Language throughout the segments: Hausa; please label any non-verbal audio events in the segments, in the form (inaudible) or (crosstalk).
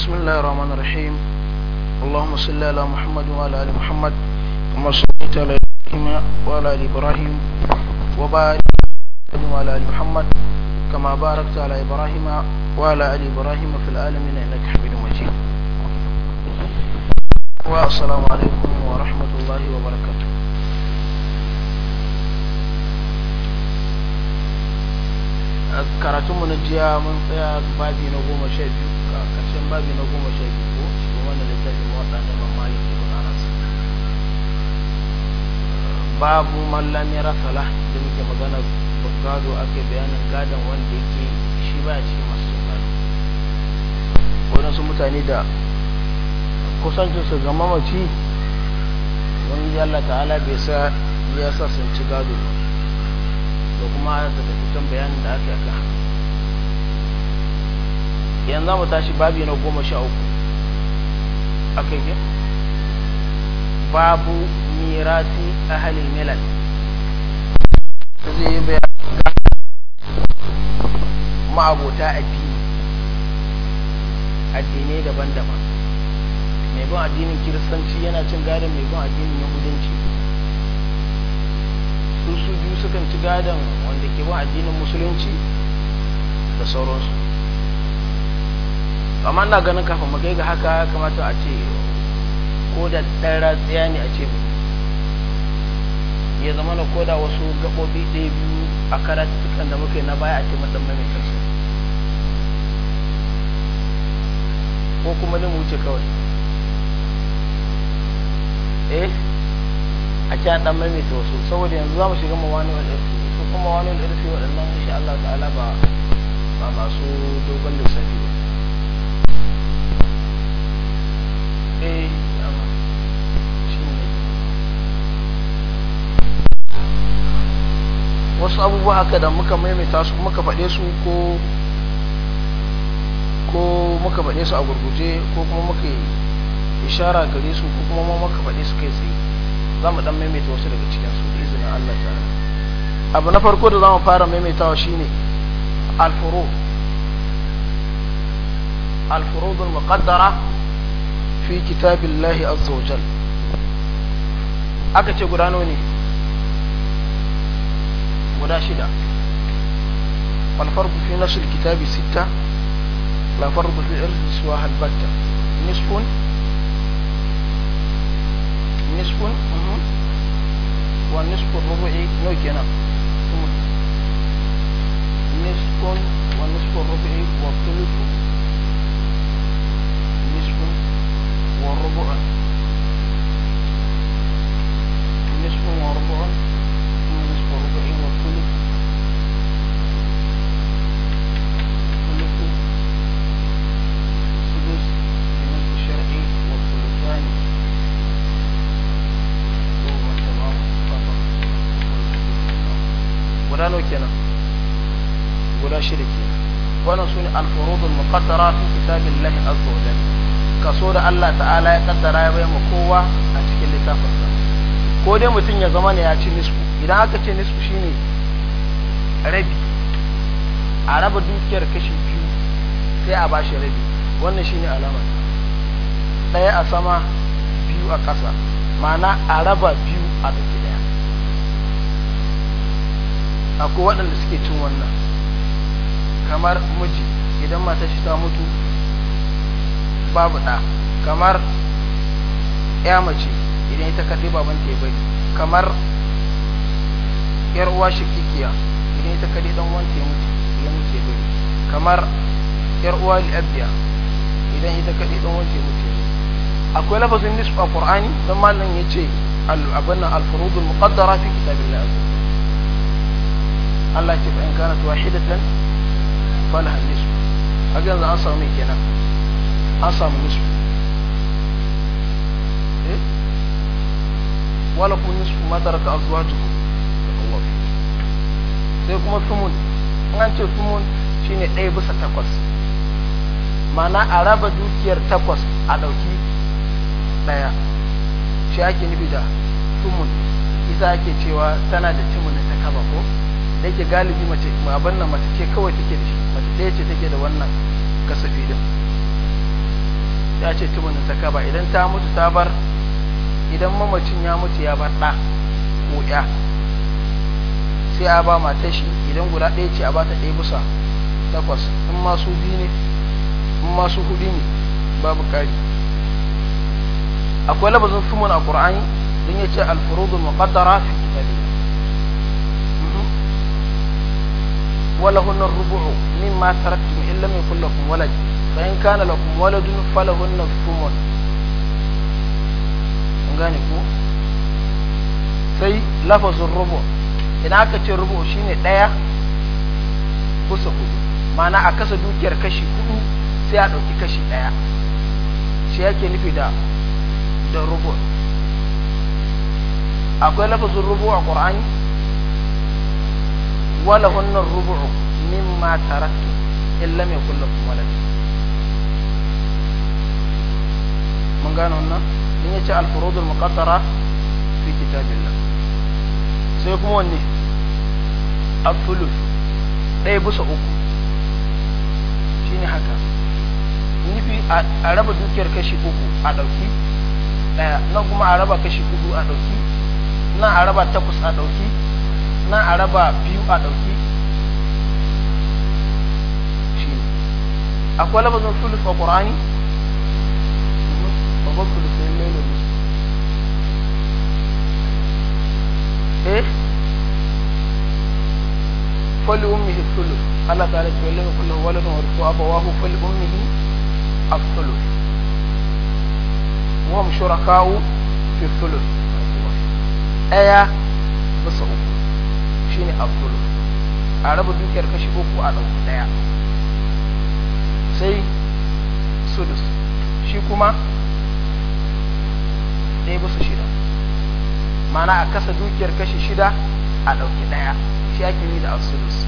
بسم الله الرحمن الرحيم اللهم صل على محمد وعلى ال محمد كما صليت على ابراهيم وعلى ال ابراهيم وبارك وعلى ال محمد كما باركت على ابراهيم وعلى ال ابراهيم في العالمين انك حميد مجيد والسلام عليكم ورحمه الله وبركاته karatunmu na jiya mun tsaya babi na goma sha biyu haka karshen babi na goma sha biyu ko cikin wannan littafin waɗannan da mamali ke bukatarsa babu mallami rasala da muke magana gado ake bayanin gadon wanda yake shi ba ya cikin masu gado waɗansu mutane da kusancinsu ga mamaci wani yalla ta'ala bai sa ya sa sun ci gado ba da kuma da bayanin da aka yi yanzu za mu tashi babi na goma sha uku aka yi babu mirasi ahalin milal zai yi bayan ma'abota addini addinai daban-daban mai bin addinin kiristanci yana cin gadon mai bin addinin yahudanci su su biyu sukan ci gadon wanda ke bin addinin musulunci da sauransu amma ina ganin kafin mu kai ga haka kamata a ce ko da ɗan ratsiya ne a ce ya zama na koda wasu gaɓoɓi ɗaya biyu a karatukan da muka yi na baya a ce mun mai maimaita ko kuma ne mu wuce kawai eh a ce an ɗan maimaita wasu saboda yanzu za mu shiga mu wani wani su kuma wani wani waɗannan shi Allah ta'ala ba ba masu dogon lissafi ba Eh, wasu abubuwa haka da muka maimaita su muka faɗe su ko ko muka faɗe su a gurguje ko kuma muka ishara gare su ko kuma muka faɗe su kai tsaye za mu ɗan maimaita wasu daga cikin su da izinin Allah ta'ala abu na farko da za mu fara maimaitawa shine al-furud alfuro furud al في كتاب الله عز وجل aka ce guda nawa ne guda shida والفرض في نشر الكتاب ستة لا فرض في الإرث سواها البتة نصف نصف والنصف الربع نوع كنا نصف والنصف الربع والثلث وربعه نصف وربعه ونصف وربعه والثلث ثلث سدس بالنسبة الشرعي والثلثان guda nawa kenan guda shida kenan wannan sune al-furud al-muqaddara fi kitabillahi azza wa jalla kaso da Allah ta'ala ya kaddara ya bai kowa a cikin littafinsa ko dai mutum ya zama ne ya ci nisfu idan aka ce nisku shine rabi a raba dukiyar kashi biyu sai a bashi rabi wannan shine alamar ɗaya a sama biyu a ƙasa ma'ana a raba biyu a ɗauki ɗaya akwai waɗanda suke cin wannan kamar miji idan mata shi ta mutu babu ɗa kamar ya mace idan ita kaɗai baban ta bai kamar yar uwa shakikiya idan ita kaɗai ɗan uwan ta ya mutu bai kamar yar uwa li'abbiya idan ita kaɗai ɗan uwan ta mutu akwai lafazin nisf a qur'ani dan ya ce abin al-furud al-muqaddara fi kitabillah Allah ya ce fa in kanat wahidatan falaha nisf kaga yanzu an samu kenan an samu nisfu eh? wala kun nisfu ma taraka azwajuhu sai kuma tumun an ce tumun shi ne ɗaya bisa takwas mana a raba dukiyar takwas a ɗauki ɗaya shi ake nufi da tumun isa ake cewa tana da tumun ta kaba ko da yake galibi mace abin nan mace ce kawai take da shi mace ɗaya ce take da wannan kasafi din ya ce tubin da ta kaba idan ta mutu ta bar idan mamacin ya mutu ya bar ɗa ko ya sai a ba matar shi idan guda ɗaya ce a ba ta ɗaya bisa takwas in masu biyu ne in masu hudu ne babu ƙari akwai labazin sumun a ƙura'ani don ya ce alfurudun muqaddara fi kitabi ولهن الربع مما تركتم إن لم يكن لكم ولد فإن كان لكم ولد فلهن الثمن thumun gane ko sai lafazin rubu ina aka ce rubu shine daya kusa kudu ma'ana a kasa dukiyar kashi kudu sai a dauki kashi daya shi yake nufi da da rubu akwai lafazin rubu a qur'ani wala hunnar rubu mimma taraktu illa mai kullum walad gane wannan in yace al-furudul muqaddara fi kitabillah sai kuma wanne al-thuluth ɗaya bisa uku shine haka nufi a raba dukiyar kashi uku a ɗauki ɗaya na kuma a raba kashi uku a ɗauki na a raba takwas a ɗauki na a raba biyu a ɗauki shi akwai labazin fulus a ƙorani babban filisayin ne ne eh fali ummi hisulu Allah ta ala cewa lalata kullum wani na warko abawahu fali ummi hi asulu wa mu shurakawu fi sulu ɗaya bisa uku shine asulu a raba dukiyar kashi uku a ɗauki ɗaya sai sudus shi kuma ɗaya bisa shida mana a kasa dukiyar kashi shida a ɗauki ɗaya shi ake yi da asulus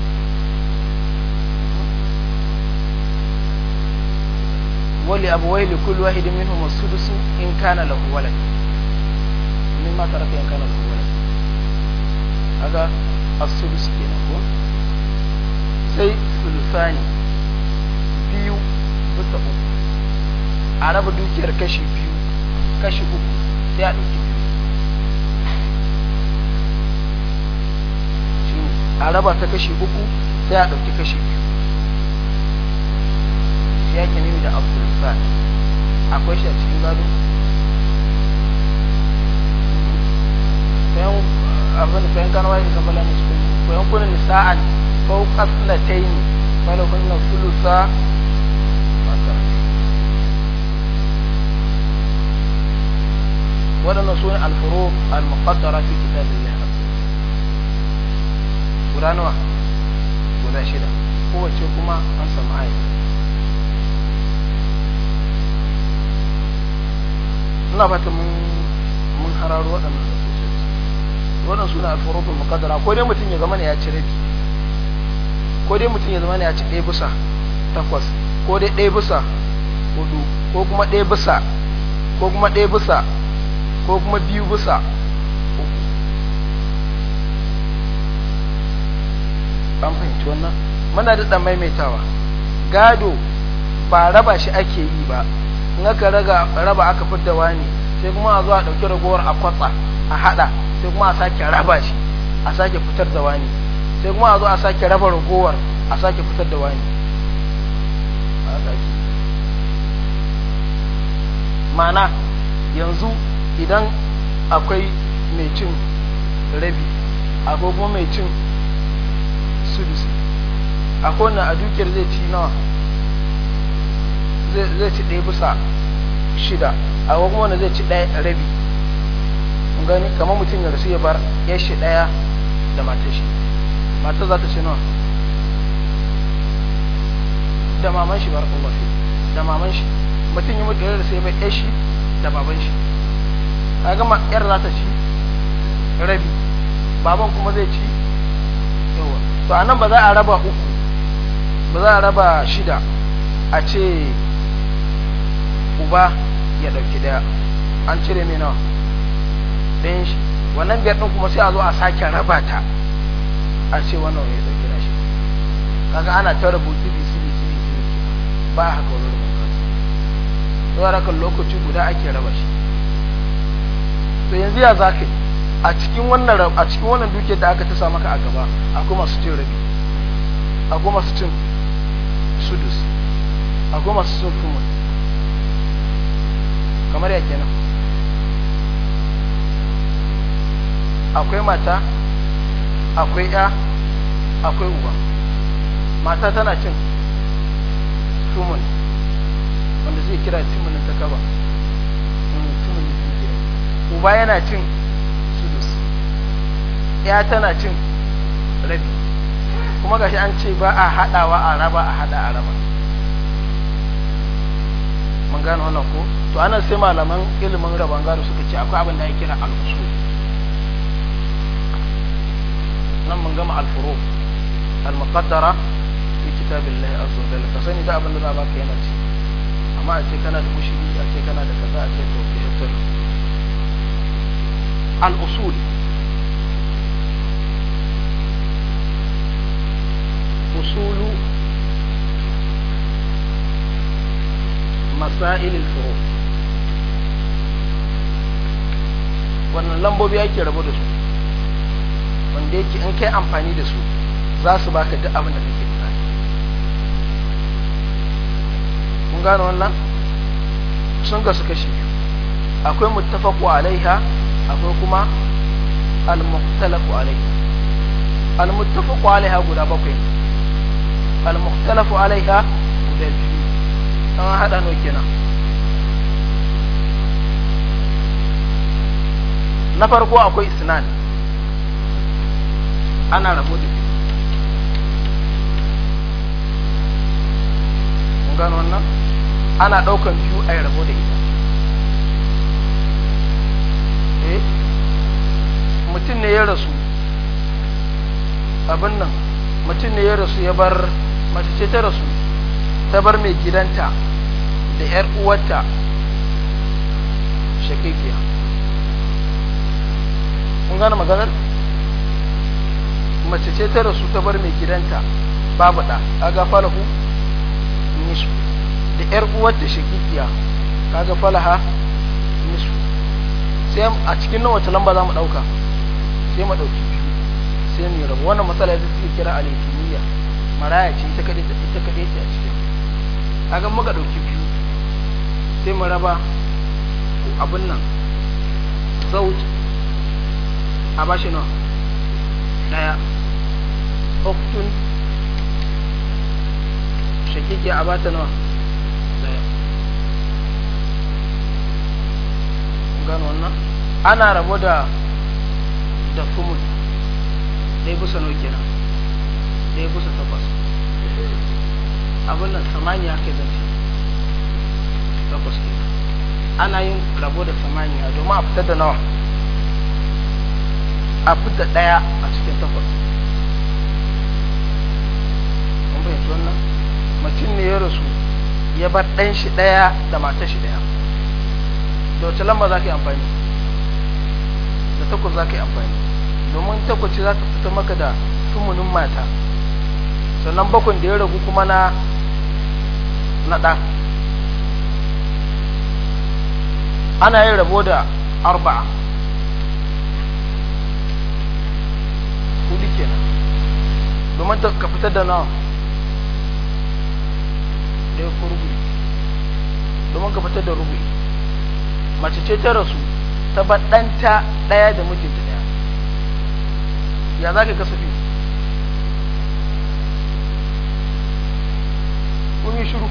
wali abuwai da kullu wahidi min homo sudusu in kana lahu walad min ma tarafi in kana lahu walad aga asulus kenan ko sai sulusani biyu bisa uku a raba dukiyar kashi biyu kashi uku sai a ɗauki biyu a raba ta kashi uku sai a ɗauki kashi biyu shi yake nemi da abdulsal akwai shi a cikin gado sayan abin sayan kanwa yake kamar lamis kuma sayan kunan nisa'an fauƙas na taini falakun na sulusa waɗannan su ne alfuro al-muqaddara fi kitabillah guda nawa guda shida kowace kuma an samu ayi ina ba ta mun hararo waɗannan da sosai wannan suna alfarofin mukaddara ko dai mutum ya zama ne ya ci rabi ko dai mutum ya zama ne ya ci ɗaya bisa takwas ko dai ɗaya bisa hudu ko kuma ɗaya bisa ko kuma ɗaya bisa ko kuma biyu bisa uku an fahimci wannan muna da maimaitawa gado ba raba shi ake yi ba in aka raba aka fidda wani sai kuma a zo a ɗauki ragowar a kwatsa a haɗa sai kuma a sake raba shi a sake fitar da wani sai kuma a zo a sake raba ragowar a sake fitar da wani ma'ana yanzu idan akwai mai cin rabi agogo mai cin sudusi a wannan a dukiyar zai ci nawa zai ci ɗaya bisa shida agogo wanda zai ci ɗaya rabi gani kamar mutum ya rasu ya bar ya shi ɗaya da mata shi matar za ta ce nawa da maman shi bar kuma da maman shi mutum ya mutu ya rasu ya bar ya shi da baban shi a gama yar za ta ci rabi baban kuma zai ci yawa to anan ba za a raba uku ba za a raba shida a ce uba ya ɗauki daya an cire mai nawa ɗayan shi wannan biyar ɗin kuma sai a zo a sake raba ta a ce wannan ya ɗauki na shi kaga ana ta rubutu bi su bi su bi su ba haka wani rubutun kansu tsoron lokaci guda ake raba shi to yanzu ya za ka a cikin wannan a cikin wannan duke da aka tasa maka a gaba akwai masu cin rabi akwai masu cin sudus akwai masu cin kumul kamar ya kenan akwai mata akwai ya akwai uba mata tana cin kumul wanda zai kira cin ta kaba uba yana cin sudus ya tana cin rabi kuma gashi an ce ba a haɗawa a raba a haɗa a raba mun gane wannan ko to ana sai malaman ilimin rabon gado suka ce akwai abin da ya kira al'usul nan mun gama al-furu al-muqaddara fi kitabillahi azza wa jalla ka sani da abin da za ka yana ci amma a ce kana da mushiri a ce kana da kaza a ce to al'usul usulu masail al-furu wannan lambobi ake rabu da su wanda yake in kai amfani da su za su baka duk abin da kake tunani kun gane wannan sun ga su kashi akwai muttafaqu alaiha akwai kuma al-muhtalafu alaiha al-muttafaqu alaiha guda bakwai al-muhtalafu alaiha guda biyu an hada no kenan na farko akwai isnad ana rabo da kun gano wannan ana daukan biyu a rabo da ita mutum ne ya rasu abin nan mutum ne ya rasu ya bar mace ce ta rasu ta bar mai gidanta da 'yar uwarta shakifiya kun gane maganar mace ce ta rasu ta bar mai gidanta babu ɗa a gafa ku nisu da 'yar uwarta shakifiya ka gafa ha nisu sai a cikin nan wata lamba za mu ɗauka sai mu ɗauki biyu sai mu rabu wannan matsala da suke kira alaikiniya maraya ce ita kaɗai ita kaɗai ce a cikin kaga muka ɗauki biyu sai mu raba abin nan zauj a bashi nawa ɗaya Oktun? shakiki a bata nawa ɗaya gano wannan ana rabo da da kumul dai busa nau kira dai busa takwas abin nan ya aka yi zafi takwas ke ana yin rabo da a domin a fitar da nawa a fitar ɗaya a cikin takwas kuma fahimci wannan mutum ne ya rasu ya bar ɗan shi ɗaya da matar shi ɗaya da wace lamba za ka yi amfani da takwas za ka yi amfani domin takwace za ta fita maka da tumunin mata sannan bakon da ya ragu kuma na naɗa ana yin rabo da arba'a kudi kenan domin ta ka fita da na da ya domin ka fita da rubu'i mace ce ta rasu ta baɗanta ɗaya da mijinta ya za ka kasafi kun yi shiru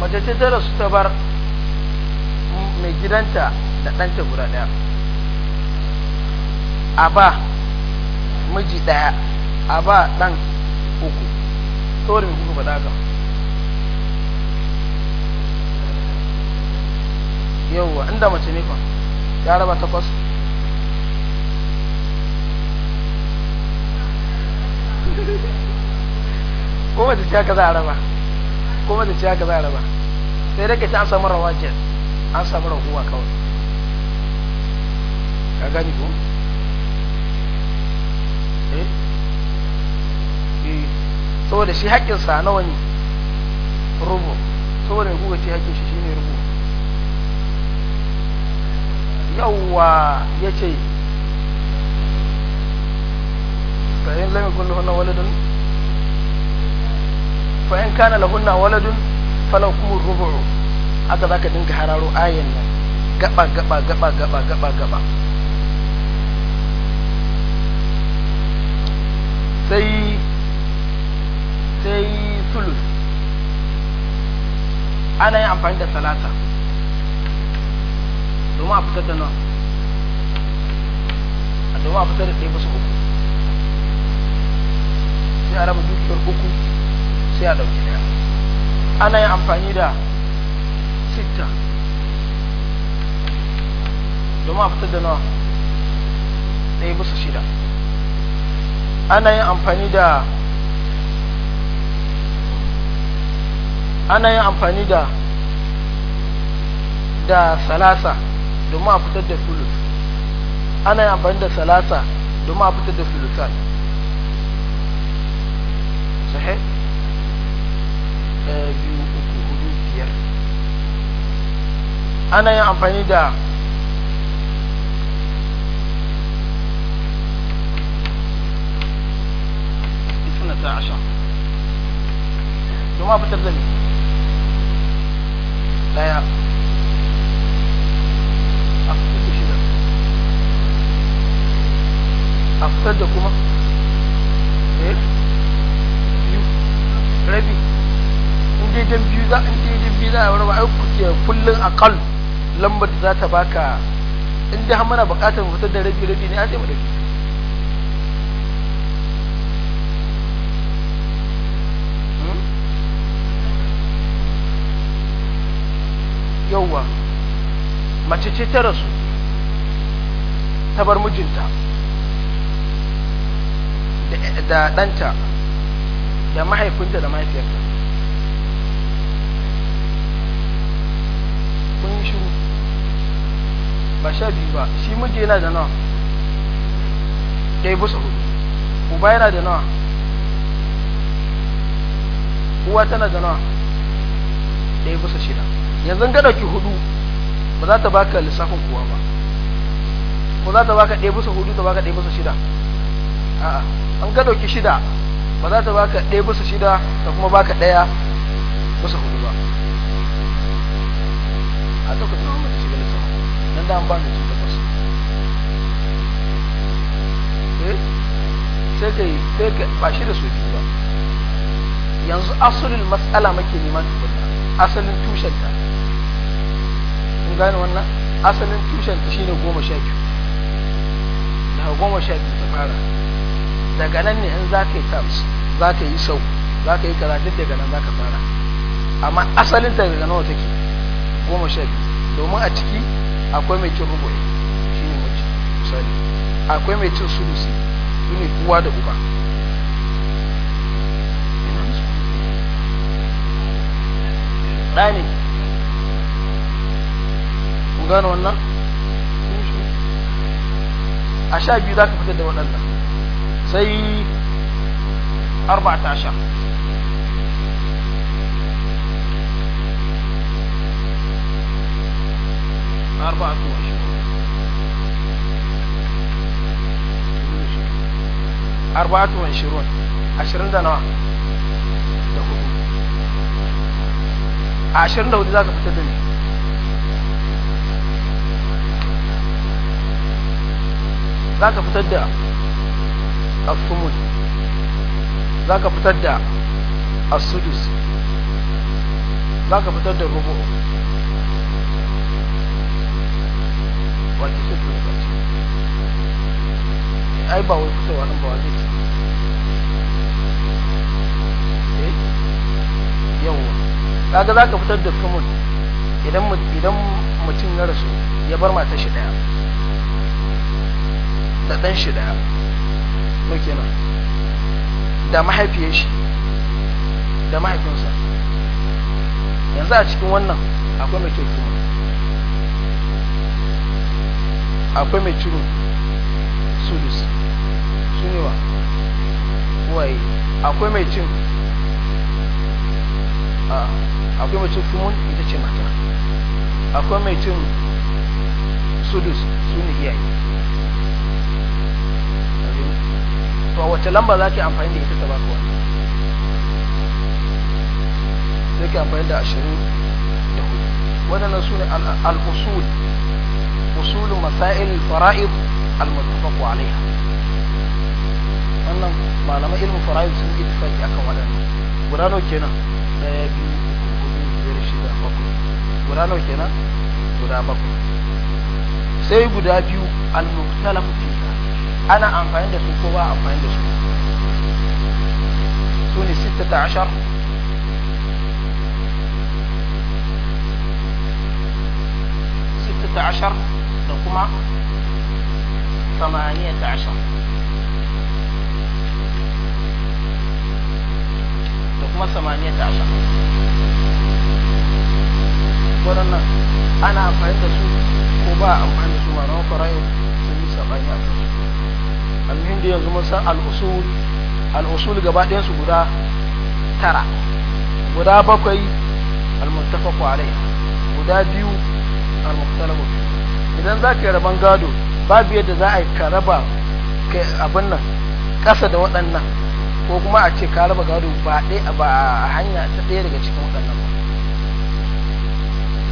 mace ce ta rasu ta bar mai gidanta da ɗanta guda ɗaya a ba miji ɗaya a ba ɗan uku tori mai kuka gama yauwa inda mace ne ya raba takwas ko ba ta ce haka za a raba ko ba ta ce haka za a raba sai dai ka ci an samu rawajin an samu rahuwa kawai ka gani ko eh eh saboda shi haƙƙinsa nawa ne rubu saboda ya guga ce haƙƙin shi shine rubu yawwa ya ce فإن لم يكن لهن ولد فإن كان لهن ولد فلكم الربع haka za ka dinga hararo ayan nan gaba gaba gaba gaba gaba gaba sai sai sulus ana yin amfani da salata domin a fitar sai a raba dukiyar uku sai a ɗauki ɗaya ana yin amfani da sita domin a fitar da nawa ɗaya bisa shida ana yin amfani da ana yin amfani da da salasa domin a fitar da fulus ana yin amfani da salasa domin a fitar da fulusan ɗaya eh, eh, biyu uku hudu biyar ana yin amfani da اثنتا عشر domin a fitar da ne daya a fitar da a fitar da kuma eh rabi in dai dan biyu za in dai dan biyu za a raba ai kuke kullun aqal lambar da za ta baka in dai har muna buƙatar fitar da rabi rabi ne a sai mu dauki hmm? yauwa mace ce ta rasu ta bar mijinta da ɗanta da mahaifinta da mahaifiyarta kun yi shiru ba sha biyu ba shi miji yana da nawa ɗaya bisa hudu uba yana da nawa uwa tana da nawa ɗaya bisa shida yanzu gada ki hudu ba za ta baka lissafin kuwa ba ko za ta baka ɗaya busa hudu ta baka ɗaya busa shida a'a an gado ki shida ba za ta baka ɗaya bisa shida ta kuma baka ɗaya bisa hudu ba a ta ku tsawon ta shiga sama nan da ba da ci ta eh sai ka yi sai ka ba shi da su biyu ba yanzu asalin matsala ne nema tukunna asalin tushen ta kun gane wannan asalin tushen ta shine goma sha biyu daga goma sha biyu ta fara daga nan ne in za ka yi kams za ka yi sau za ka yi kaza duk daga nan za ka fara amma asalin ta daga nawa take goma sha biyu domin a ciki akwai mai cin rubuwa shi ne mace misali akwai mai cin sulusi su ne uwa da uba ne. kun gano wannan a sha biyu za ka fitar da waɗannan sai arba'ata wa ashirin da nawa da hudu a ashirin da za ka fita da za ka fitar da as-sumud zaka fitar da as-sudus zaka fitar da rubu wace ce ta lokaci ai ba wai fitowa nan ba wace ce eh yawa kaga zaka fitar da sumud idan idan mutum ya rasu ya bar mata shi daya da dan shi daya no kenan da mahaifiyar shi da mahaifinsa yanzu a cikin wannan akwai mai kyau kuma akwai mai ciro sudus su ne wa akwai mai cin akwai mai cin sumun ita ce mata akwai mai cin sudus su ne to wace lamba za ki amfani da ita ta baka wani sai ki amfani da ashirin da hudu waɗannan su ne al'usul usulu masail fara'id al-muttafaq alaiha wannan malamai ilmin fara'id sun yi tafaki akan waɗannan guda nawa kenan ɗaya biyu hudu biyar shida bakwai guda nawa kenan guda bakwai sai guda biyu al-muktalafu ana amfani da su ko ba amfani da su su ne 16 ashar da kuma 18 da kuma 18 ashar waɗannan ana amfani da su ko ba amfani da su ma na kwarai sun yi sabani a su da yanzu mun san al'usul al'usul gaba ɗayan su guda tara guda bakwai al-muttafaqu alaiha guda biyu al-muhtalamu idan za ka yi raban gado babu yadda za a yi ka raba abin nan ƙasa da waɗannan ko kuma a ce ka raba gado ba ɗaya ba a hanya ta ɗaya daga cikin waɗannan ba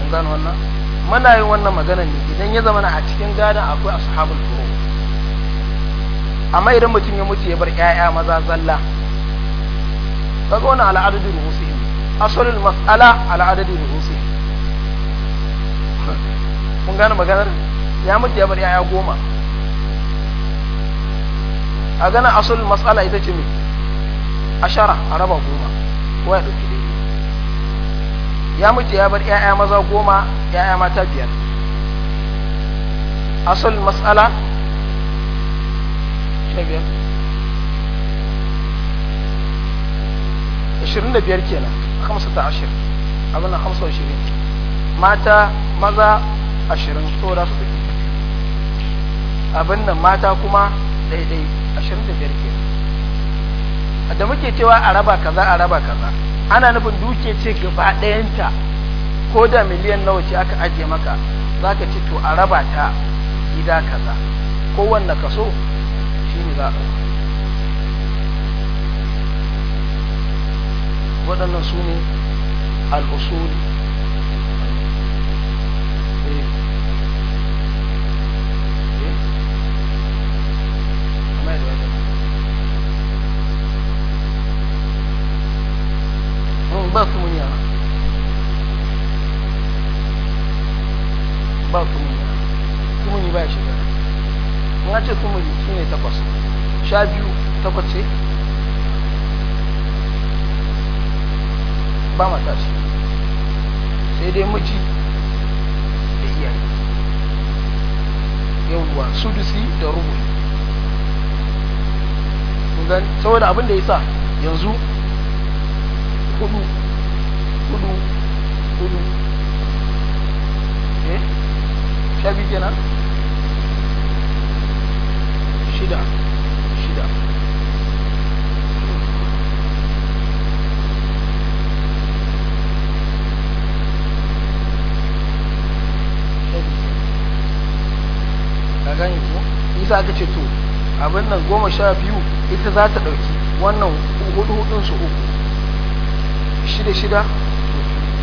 mun gano wannan muna yin wannan magana ne idan ya zama a cikin gadon akwai ashabul furu amma idan mutum ya mutu ya bar ƴaƴa maza zalla ka kaga wannan al'adadu ruhusihim asalin mas'ala al'adadu ruhusihim (laughs) kun gane maganar ya mutu ya bar ƴaƴa goma a gana asalin mas'ala ita ce me ashara a raba goma ko ya ɗauki dai ya mutu ya bar ƴaƴa maza goma ƴaƴa mata biyar asalin mas'ala biyar ashirin da biyar kenan hamsa ta ashirin abin hamsa ashirin mata maza ashirin saboda su ɗari abin nan mata kuma daidai ashirin da biyar kenan da muke cewa a raba kaza a raba kaza ana nufin duke ce gaba ɗayanta ko da miliyan nawa ce aka ajiye maka za ka ce to a raba ta gida kaza kowanne kaso shi ne za a waɗannan su ne al'usuli su sai dai miji da iyaye yawwa sudusi da rubu gan saboda abin da ya sa yanzu hudu hudu hudu eh shabi kenan shida gane ko isa aka ce to abin nan goma sha biyu ita za ta ɗauki wannan hudu hudun su uku shida shida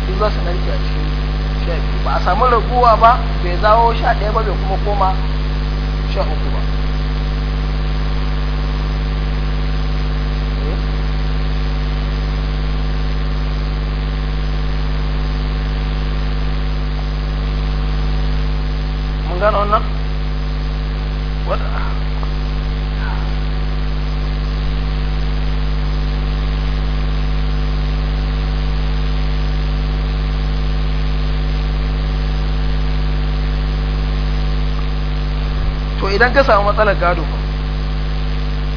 in za su narke a cikin sha biyu ba a samu raguwa ba bai zawo sha ɗaya ba bai kuma koma sha uku ba eh? gano wannan to idan ka samu matsalar gado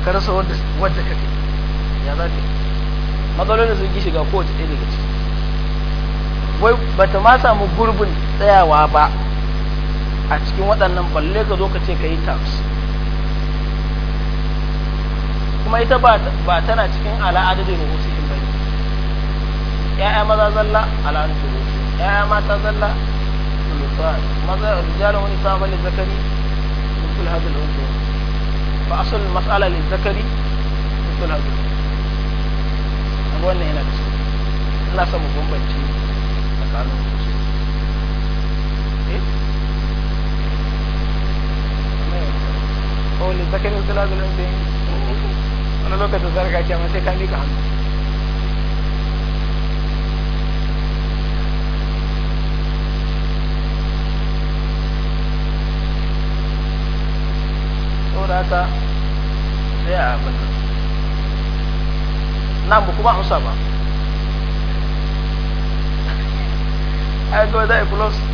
ka rasa wadda ka ke ya za ka yi da sun gishi shiga kowace ɗaya daga ciki wai ba ta ma samu gurbin tsayawa ba a cikin waɗannan balle ka zo ka ce ka yi tafs kuma ita ba tana cikin al'adadin rubusin ba ne ya'ya maza zalla al'adun rubusin ya'ya mata zalla sulusan maza rijalin wani sabon da zakari musul da rubusin ba asalin matsala da zakari musul hadin wannan yana cikin Allah samu bambanci tsakanin kawai zakari wasu lazunan da wani lokacin zarga ke amma sai ka miƙa hannu saboda haka sai a abin nan ba kuma hausa ba ai kawai za a yi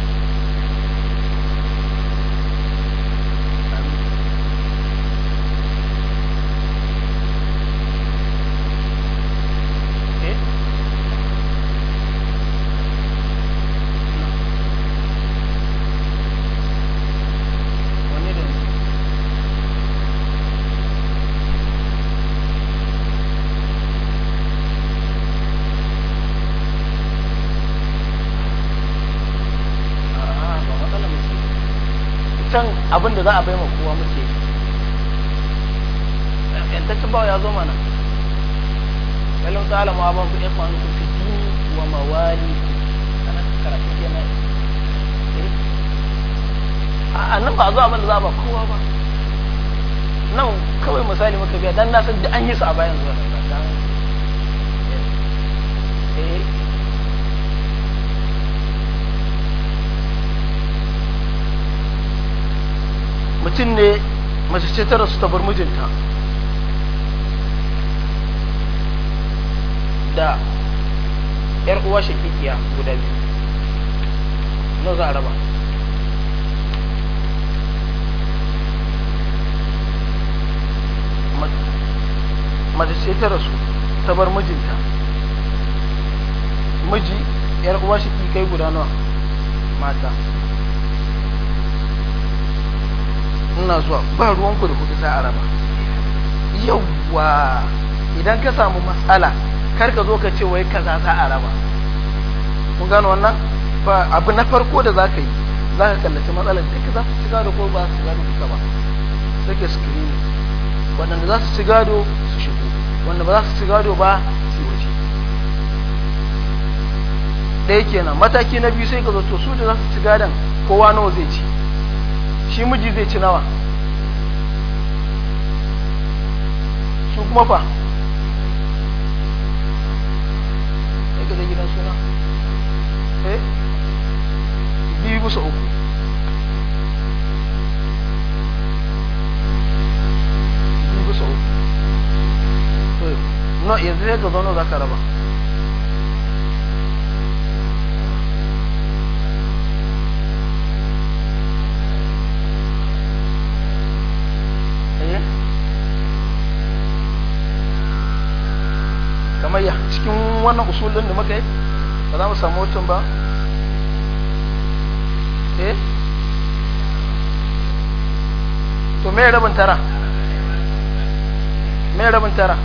abin da za a bai ma kowa muke yantaccen bawa ya zo mana kallon ta'ala ma ban fi ikhwanu ku fi dini wa mawali ana karatu kenan eh? a nan ba a zo abin da za a ba kowa ba nan kawai misali muka biya dan na san da an yi su a bayan zuwa mutum ne mace ce ta rasu ta bar mijinta da yar uwa shakikiya guda biyu na za a raba mace ce ta rasu ta bar mijinta miji yar uwa shakikai guda nawa mata ina zuwa ba ruwanku da kuɗi sai a raba yawwa idan ka samu matsala kar ka zo ka ce wai kaza za a raba kun gano wannan ba abu na farko da za ka yi za ka kallaci matsalar duk za su ci gado ko ba su gado kusa ba sai ke screen waɗanda za su ci gado su shigo wanda ba za su ci gado ba su waje ɗaya kenan mataki na biyu sai ka zo to su da za su ci gadon kowa nawa zai ci shi miji zai ci nawa su kuma fa daga da gidan suna eh biyu bisa uku biyu bisa uku no yanzu zai ga zaune za ka raba kamar ya cikin wannan usulin da muka yi ba za mu samu wancan ba eh to me rabin tara me rabin tara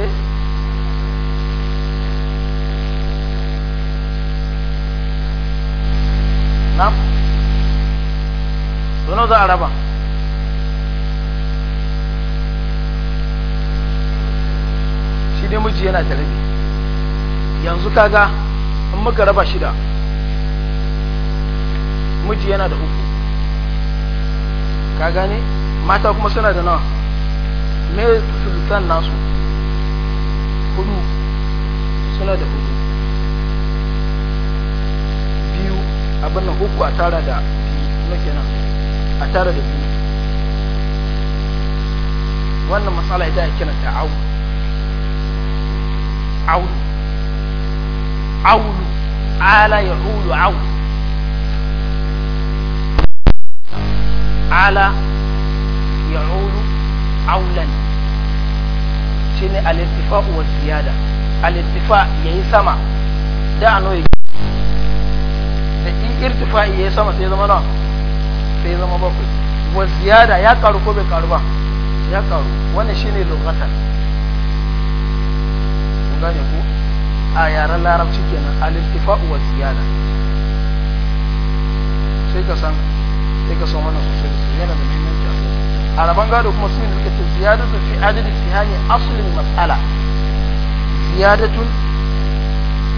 eh na? Dono za a raba. ne miji yana da rabi yanzu kaga in muka raba shida miji yana da uku ka gane mata kuma suna da nawa me su sultan nasu hudu suna da hudu biyu abin nan uku a tara da biyu kenan a tara da biyu wannan matsala ita ya kira ta'awun عول عول عال يعول عول عال يعول عولا shine al-irtifa'u wa ziyada al-irtifa yayi sama da ano yi da irtifa yayi sama sai zama nawa sai zama bakwai wa ziyada ya karu ko bai karu ba ya karu wannan shine lughatan gane ko a yaren larabci kenan al-intifa'u wa ziyada sai ka san sai ka san wannan sosai da sosai yana da muhimmanci a rabon gado kuma sun da ziyada su fi adadi fi hani aslin mas'ala ziyadatun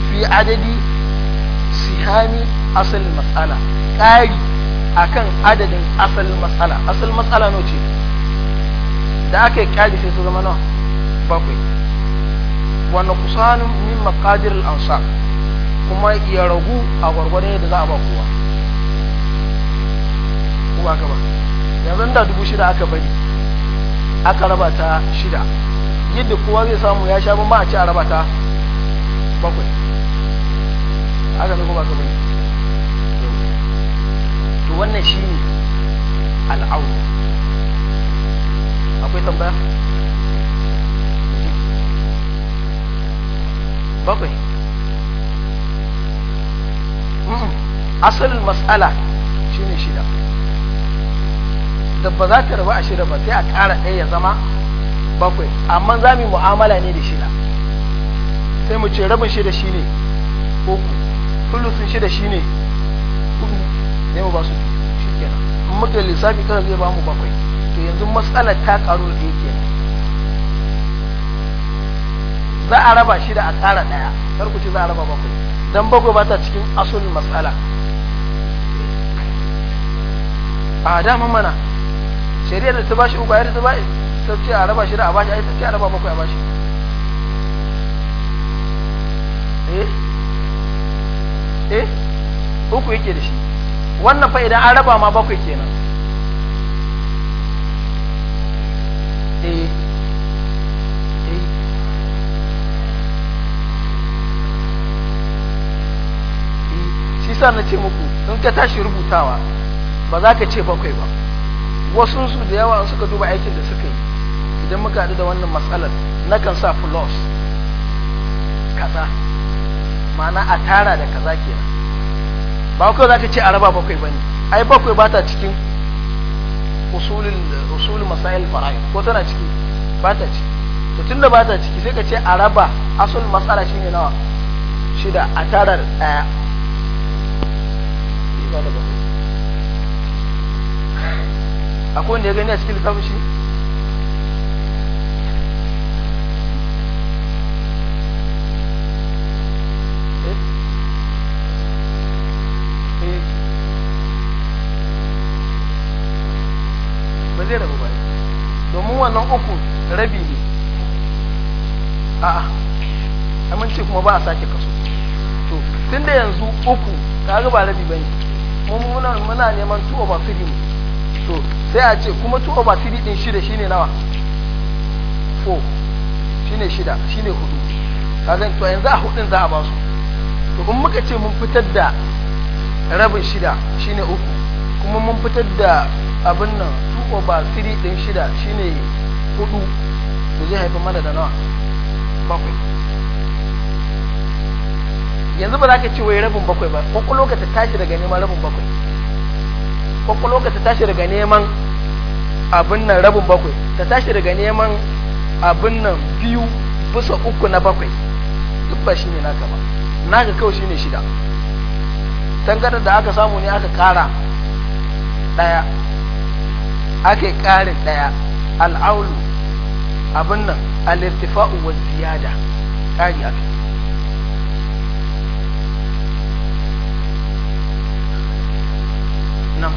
fi adadi sihami asalin matsala ƙari a kan adadin asalin matsala asalin matsala no ce da aka yi ƙari sai su zama nawa bakwai wa kusanin min maqadir al-ansar kuma ya ragu a gwargwadon da za a ba kowa kuma ka ba yanzu da dubu shida aka bari aka raba ta shida yadda kowa zai samu ya sha ban ba a ci a raba ta bakwai aka zai kuma ka bari to wannan shi ne al'aun akwai tambaya bakwai asalin matsala shine shida da ba za ta rabu a shida ba sai a ƙara ɗaya ya zama bakwai amma za mu mu'amala ne da shida sai mu ce rabin shida shine uku fulusin shida shine kudu ne mu ba su shi kenan muka lissafi kada zai ba mu bakwai to yanzu matsala ta karu da yake za a raba shi da asara daya kar ku ce za a raba bakwai dan bakwai ba ta cikin asalin matsala a dama mana shari'a da ta bashi uku ayar da ta bashi ta ce a raba shi da a bashi ai ta ce a raba bakwai a bashi eh eh uku yake da shi wannan fa idan an raba ma bakwai kenan eh yasa na ce muku in ka tashi rubutawa ba za ka ce bakwai ba wasu su da yawa suka duba aikin da suka yi idan muka haɗu da wannan matsalar na kan sa plus kaza ma'ana a tara da kaza kenan ba kawai za ka ce a raba bakwai ba ne ai bakwai ba ta cikin usulin masail fara'i ko tana ciki ba ta ciki to tunda ba ta ciki sai ka ce a raba asul matsala shine nawa shida a tara da ɗaya suna da bakwai akwai wanda ya gani a cikin littafin shi eh. Eh. ba zai rabu ba domin wannan uku rabi ne a'a amince kuma ba a sake kaso to tunda yanzu uku ka ba rabi ba ne mun muna neman two over three ne to sai a ce kuma two over three din shida shine nawa 4 shine shida shine hudu kazan to yanzu a hudun za a ba su to kuma muka ce mun fitar da rabin shida shine uku kuma mun fitar da abin nan two over three din shida shine hudu to zai haifar mana da nawa bakwai yanzu ba za ka ce wai rabin bakwai ba kwakwalo ka ta tashi daga neman rabin bakwai kwakwalo ka ta tashi daga neman abin nan rabin bakwai ta tashi daga neman abin nan biyu bisa uku na bakwai duk ba shi ne kama na naka kawai shi ne shida tangadar da aka samu ne aka kara ɗaya ake karin ƙarin ɗaya al'aulu abin nan al-irtifa'u wa ziyada ƙari aka nan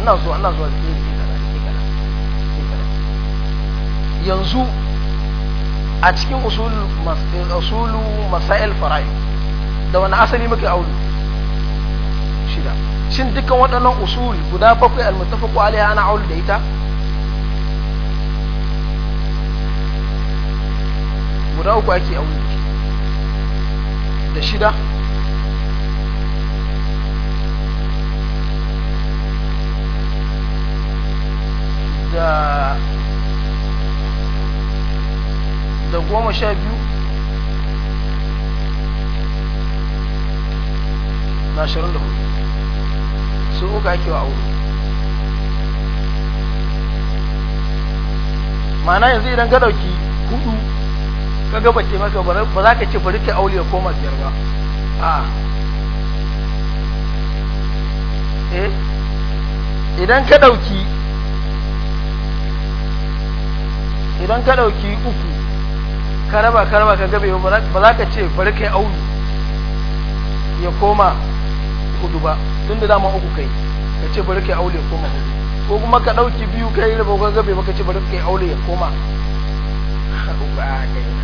ina zuwa ina zuwa sai yanzu a cikin usulu masail fara'i da wani asali muka aulu shida shin dukkan waɗannan usuli guda bakwai ko alaiha ana auli da ita guda uku ake auni da shida da da goma sha biyu na ashirin da hudu su uka ake wa aure ma'ana yanzu idan ga ɗauki hudu kaga ba ce maka ba za ka ce bari ta aure ko matsayar ba a eh idan ka ɗauki idan ka ɗauki uku ka raba ka raba ka gabe ba za ka ce bari kai aulu ya koma hudu ba tun da dama uku kai ka ce bari kai aulu ya koma hudu ko kuma ka ɗauki biyu kai raba ka gabe ba ka ce bari kai aulu ya koma uku a kai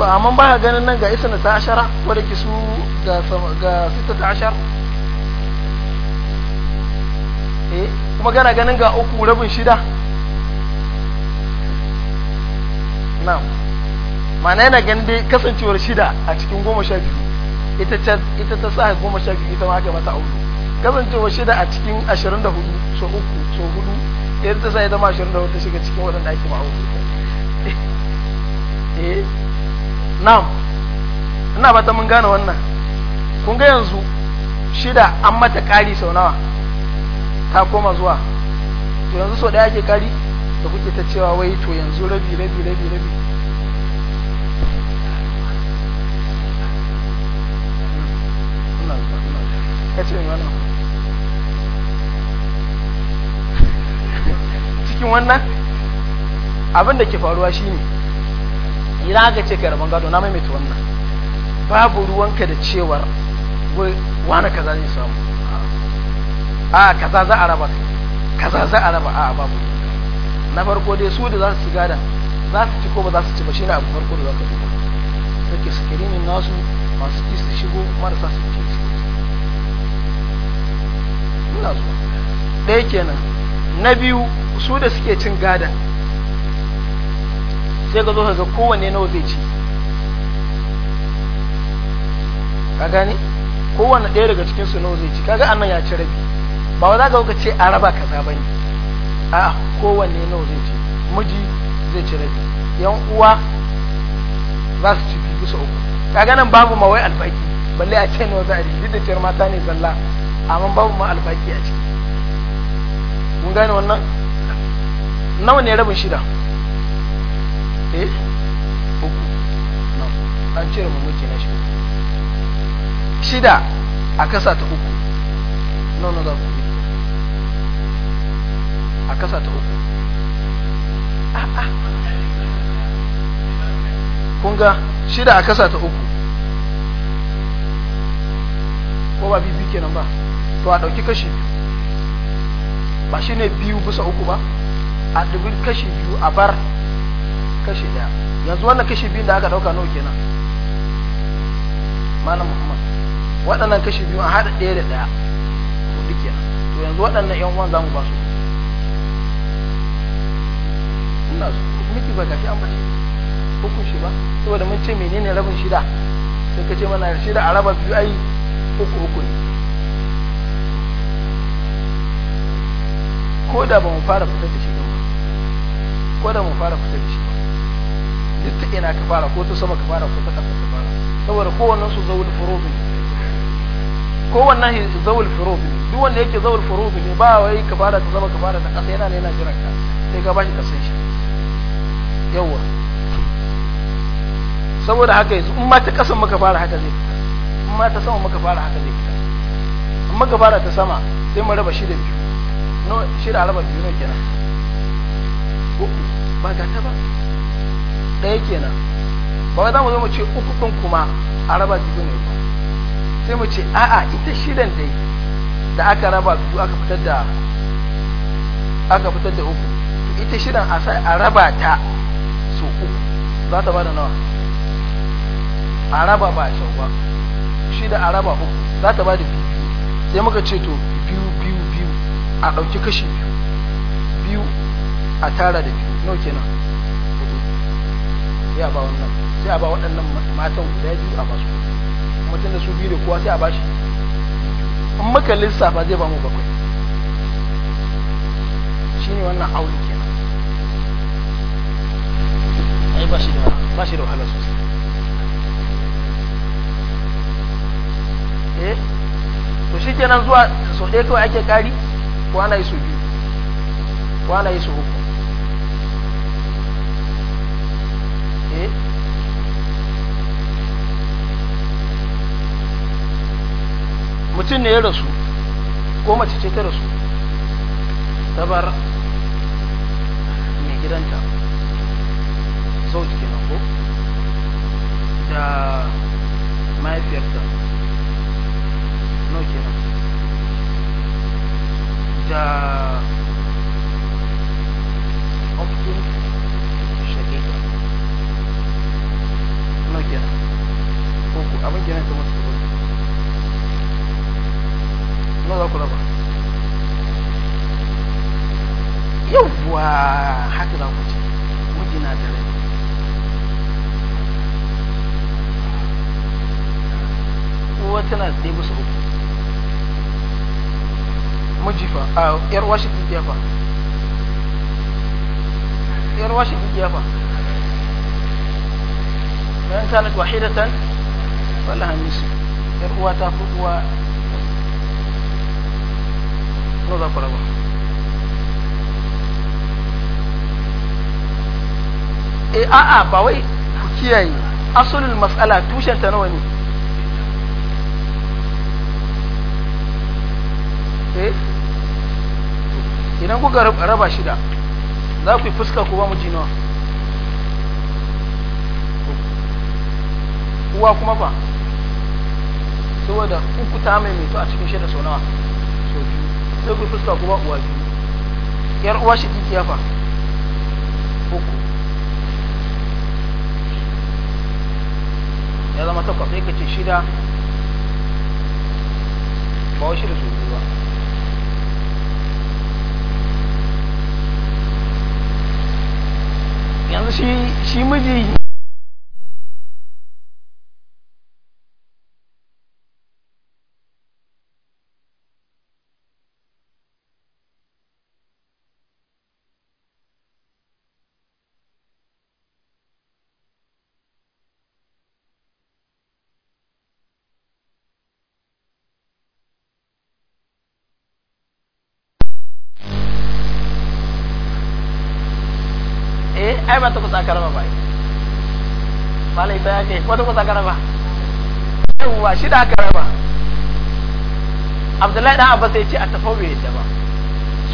to amma ba ka ganin nan ga isna ta ashara ko da kisu ga ga sita ta ashar eh kuma gana ganin ga uku rabin shida na'am ma'ana yana ganin dai kasancewar shida a cikin goma sha biyu ita ta sa goma sha biyu ita ma aka mata aure kasancewar shida a cikin ashirin da hudu so uku so hudu ita ta sa ita ma ashirin da hudu shiga cikin waɗanda ake ma'aure na'am ina ba ta mun gane wannan kun ga yanzu shida an mata ƙari sau nawa ta koma zuwa to yanzu sau ɗaya ake ƙari da kuke ta cewa wai to yanzu rabi rabi rabi rabi cikin wannan abin da ke faruwa shine ne Ina aka ce kai rabon gado na maimaita wannan babu ruwanka da cewar wani kaza zai samu a kaza za a raba kaza za a raba a babu na farko dai su da za su ci gada za su ci ko ba za su ci ba shine abu farko da za ka duba suke sikirinin nasu masu ci su shigo marasa su ci su ina so ɗaya kenan na biyu su da suke cin gadan sai ka zo ka ga kowanne nawa zai ci ka gane kowanne ɗaya daga cikin su nawa zai ci kaga annan ya ci rabi ba wa za ka ka ce a raba kaza ne a kowanne nawa zai ci miji zai ci rabi yan uwa za su ci biyu bisa uku kaga nan babu ma wai albaki balle a ce nawa za a duk da mata ne zalla amma babu ma albaki a ciki mun gane wannan nawa ne rabin shida eh uku no an cire mamaki na shida shida a kasa ta uku no no za ku bi a kasa ta uku a'a ah, ah. kun ga shida a kasa ta uku ko ba bibi kenan ba to a ɗauki kashi biyu ba shi ne biyu bisa uku ba a ɗabi kashi biyu a bar kashi daya yanzu wannan kashi biyu da aka dauka nawa kenan malam muhammad waɗannan kashi biyu a haɗa ɗaya da ɗaya to duk kenan to yanzu waɗannan yan uwan zamu ba su ina su miki ba gashi an bace hukun shi ba saboda mun ce menene rabin shida sai ka ce mana shida a raba biyu ai uku uku ne ko da ba mu fara fitar da shi ba ko da mu fara fitar da shi duk ta ina ka fara ko ta sama ka fara ko ta kasa ka fara saboda kowannen su zawul furud ne kowannen zawul furud ne duk wanda yake zawul furud ne ba wai ka fara ta sama ka fara ta kasa yana ne yana jiran ka sai ka bashi kasan shi yawa saboda haka yanzu in ma ta kasan maka fara haka zai fita in ma ta sama maka fara haka zai fita in maka fara ta sama sai mu raba shi da biyu no shi da raba biyu ne kenan ba ga ta ba ɗaya kenan ba wai za mu zo mu ce uku ɗin kuma a raba biyu ne ba sai mu ce a'a ita shidan dai da aka raba biyu aka fitar da aka fitar da uku to ita shidan a raba ta so uku za ta bada nawa a raba ba a shau ba shida a raba uku za ta bada biyu sai muka ce to biyu biyu biyu a ɗauki kashi biyu biyu a tara da biyu nau kenan sai a ba wannan sai a ba waɗannan matan guda biyu a basu kuma da su biyu da kowa sai a ba shi in muka lissafa zai ba mu bakwai shi ne wannan aure kenan ai ba shi da ba shi da wahala sosai eh to shi kenan zuwa sau ɗaya kawai ake kari kwana yi su biyu kwana yi su uku eh mutum ne ya rasu ko mace ce ta rasu ta bar mai gidanta ke kenan ko da mahaifiyarta nauke kenan da ofin nawa kenan ko ku abin kenan kamar su na za ku raba yawwa haka za ku ce na da rai uwa tana tsaye musu uku miji fa a yar washe dukiya fa فإن كانت واحدة فلها النصف الأخوة تأخذ و نضاف له e 'a ba wai ku kiyaye asulul matsala tushen ta nawa ne eh idan kuka raba shida za ku yi fuska ko ba mu nawa uwa kuma ba saboda uku ta maimaito a cikin shida sau nawa sau biyu sai ku fuska kuma uwa biyu yar uwa shi kikiya fa uku ya zama takwas sai ka ce shida ba wa shida sau biyu ba yanzu shi miji ai ba ta kusa karama ba malai sai ya kai ko karama aka raba yawwa shida aka raba abdullahi dan abbas ya ce a tafa bai yadda ba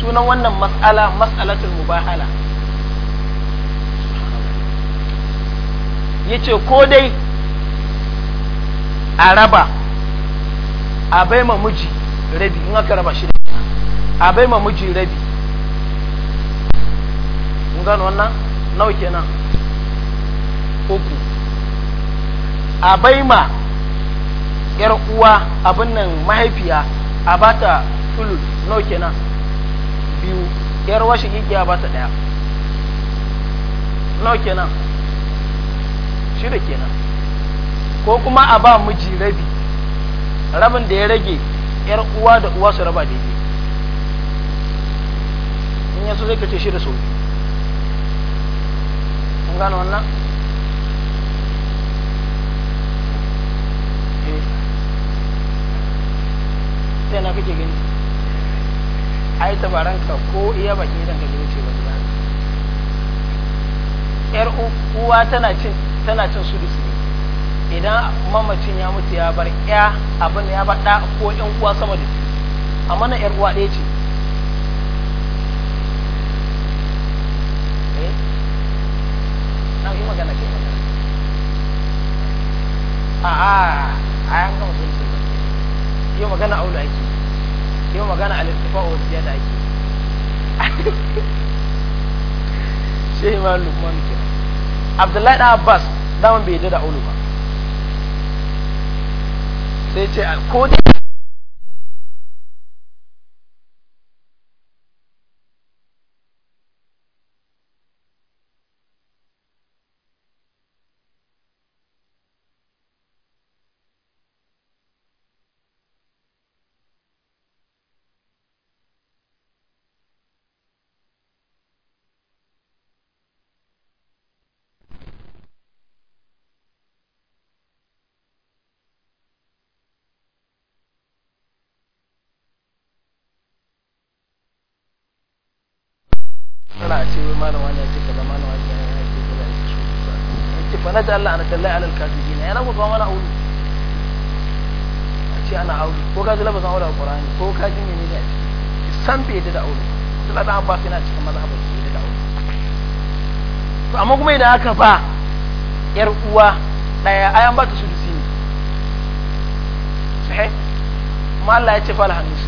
sunan wannan mas'ala mas'alatul mubahala yace ko dai a raba a bai ma miji rabi in aka raba shi a bai ma miji rabi mun gano wannan nawa kenan uku a baima yar uwa abin nan mahaifiya a bata fulul nawa kenan biyu yar washe gigiya bata daya nawa kenan shida kenan ko kuma a ba miji rabi rabin da ya rage yar uwa da uwa su raba daidai in yaso zai kace shida sau biyu kun wannan sai eh. na kake gani ai tabaranka ko iya baki ka gani ce ba yar uwa tana cin tana cin su idan mamacin ya mutu ya bar ya abin ya bada ko yan uwa sama da amma na yar uwa ɗaya ce yi magana ke a a a yan gama sun ce yi magana aulu ake yi magana alistifa a wasu yada ake shi (laughs) ma lukman ke abdullahi da abbas daman bai yadda da aulu ba sai ce ko dai matsala a ce wai malam wani ya ce kaza malam wani ya ce kaza ya ce kaza ya ce fa naja Allah ana kallai alal kafiri ne yana ku ba mana auri a ce ana auri ko ka ji labasan aure a Qur'ani ko ka ji menene a ciki san bai da aure sai da Abbas yana cikin mazhabar su da auri to amma kuma idan aka ba yar uwa daya ayan ba ta su ne sahih ma Allah ya ce fa alhamdulillah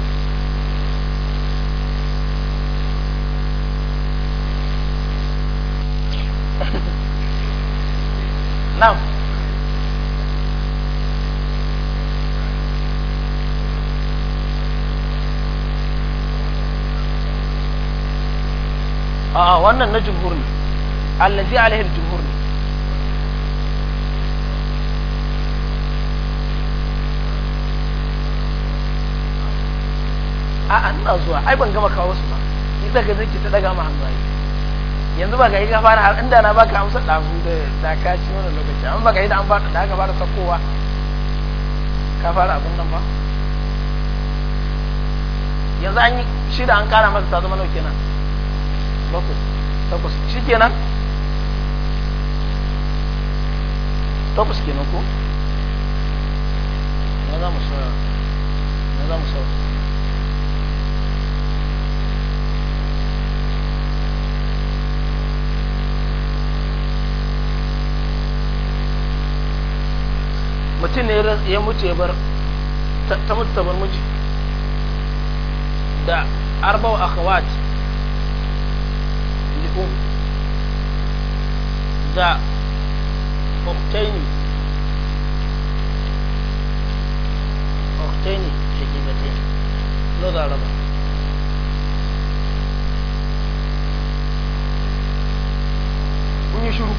(laughs) na'am a ah, wannan na jumhur ne allazi alaihi jumhur ne a an na zuwa ai ban gama kawo su ba ni daga zai ki ta daga ma hanzaye yanzu ba yi ka fara inda na baka amsa ɗazu da da ka ci wannan lokaci amma ba yi da an fara da aka fara sakowa ka fara abin nan ba yanzu an yi shi da an kara masa ta zama nau kenan bakwai takwas shi kenan takwas kenan ko na za mu sa na za mu sa mutum ne ya mutu ya bar ta mutu ta bar miji da arba'u akhawat li'um da oktaini uktaini gidaje no da raba kun yi shuru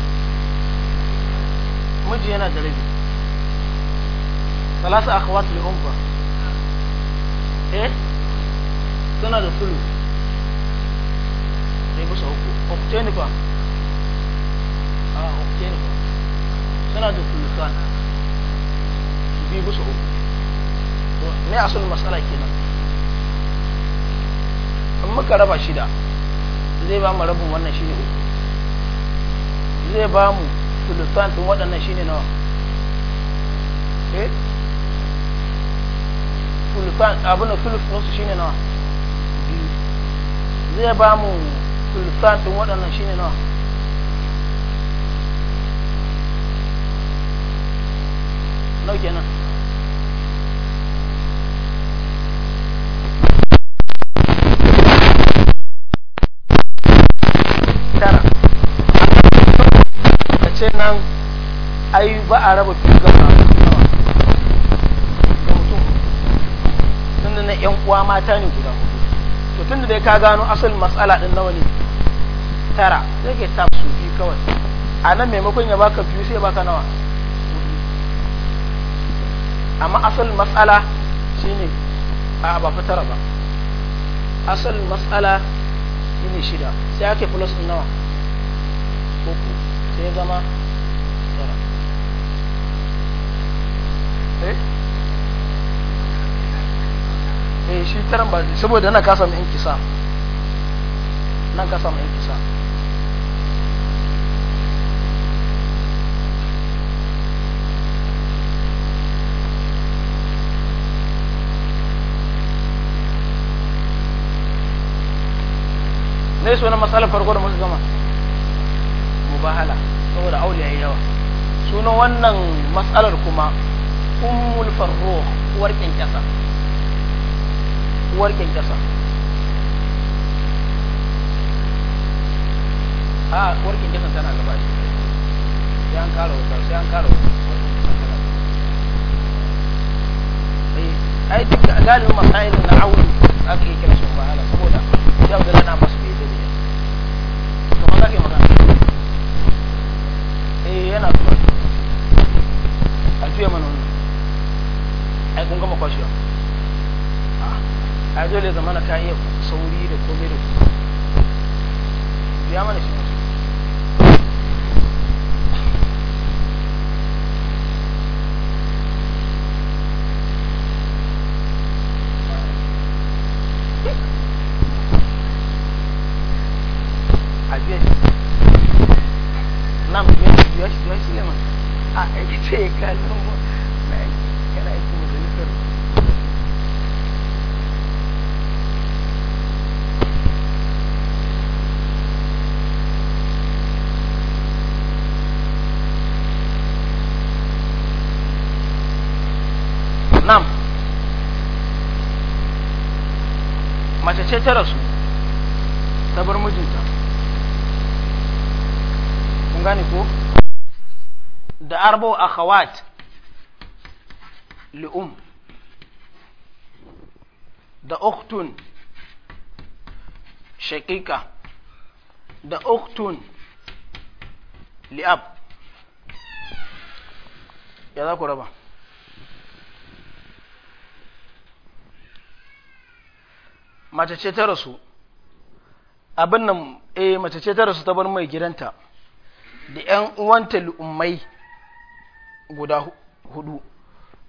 miji yana da rabi salasa akhawat li umfa eh suna da sulu sai musu uku ukteni fa a ah, ukteni fa suna da sulusan bi musu uku me asul masala kenan in muka raba shida zai ba mu rabin wannan shine uku zai ba mu sulusan din waɗannan shine nawa eh sulfan abin da sulf nusu shine nawa zai ba mu sulfan din waɗannan shine nawa nau kenan tara ce nan ayi ba a raba fi gama waɗannan ƴan uwa mata ne guda hudu to tunda dai ka gano asalin matsala din nawa ne tara sai ke ta su biyu kawai a nan maimakon ya baka biyu sai baka nawa amma asalin matsala shine a ba fi tara ba asalin matsala shine shida sai ake plus din nawa uku sai zama tara eh eh shi tiran ba saboda nan ka samu inkisa nan ka samu inkisa ne su wani matsalar farko da musu gama mubahala saboda aure ya yi yawa sunan wannan matsalar kuma ummul farro uwar kyankyasa uwar kyankyasa a uwar kyankyasa tana gaba shi sai an kara wata sai an kara wata eh, ai duk da galibin masail na aure aka yi kira sun wahala saboda yau da lana masu bai dabe kamar zaka yi magana eh yana zuwa a juya mana wannan ai kun gama kwashewa ah. a dole zamana ka kayan sauri da komai da kuma. ya mana ta rasu ta bar mijinta kun gane ko da arbo akhawat li'um da uktun shakika da uktun li'ab ya za ku raba mace ce ta rasu abin nan eh mace ce ta rasu ta bar mai gidanta da ƴan uwanta lu'ummai guda hudu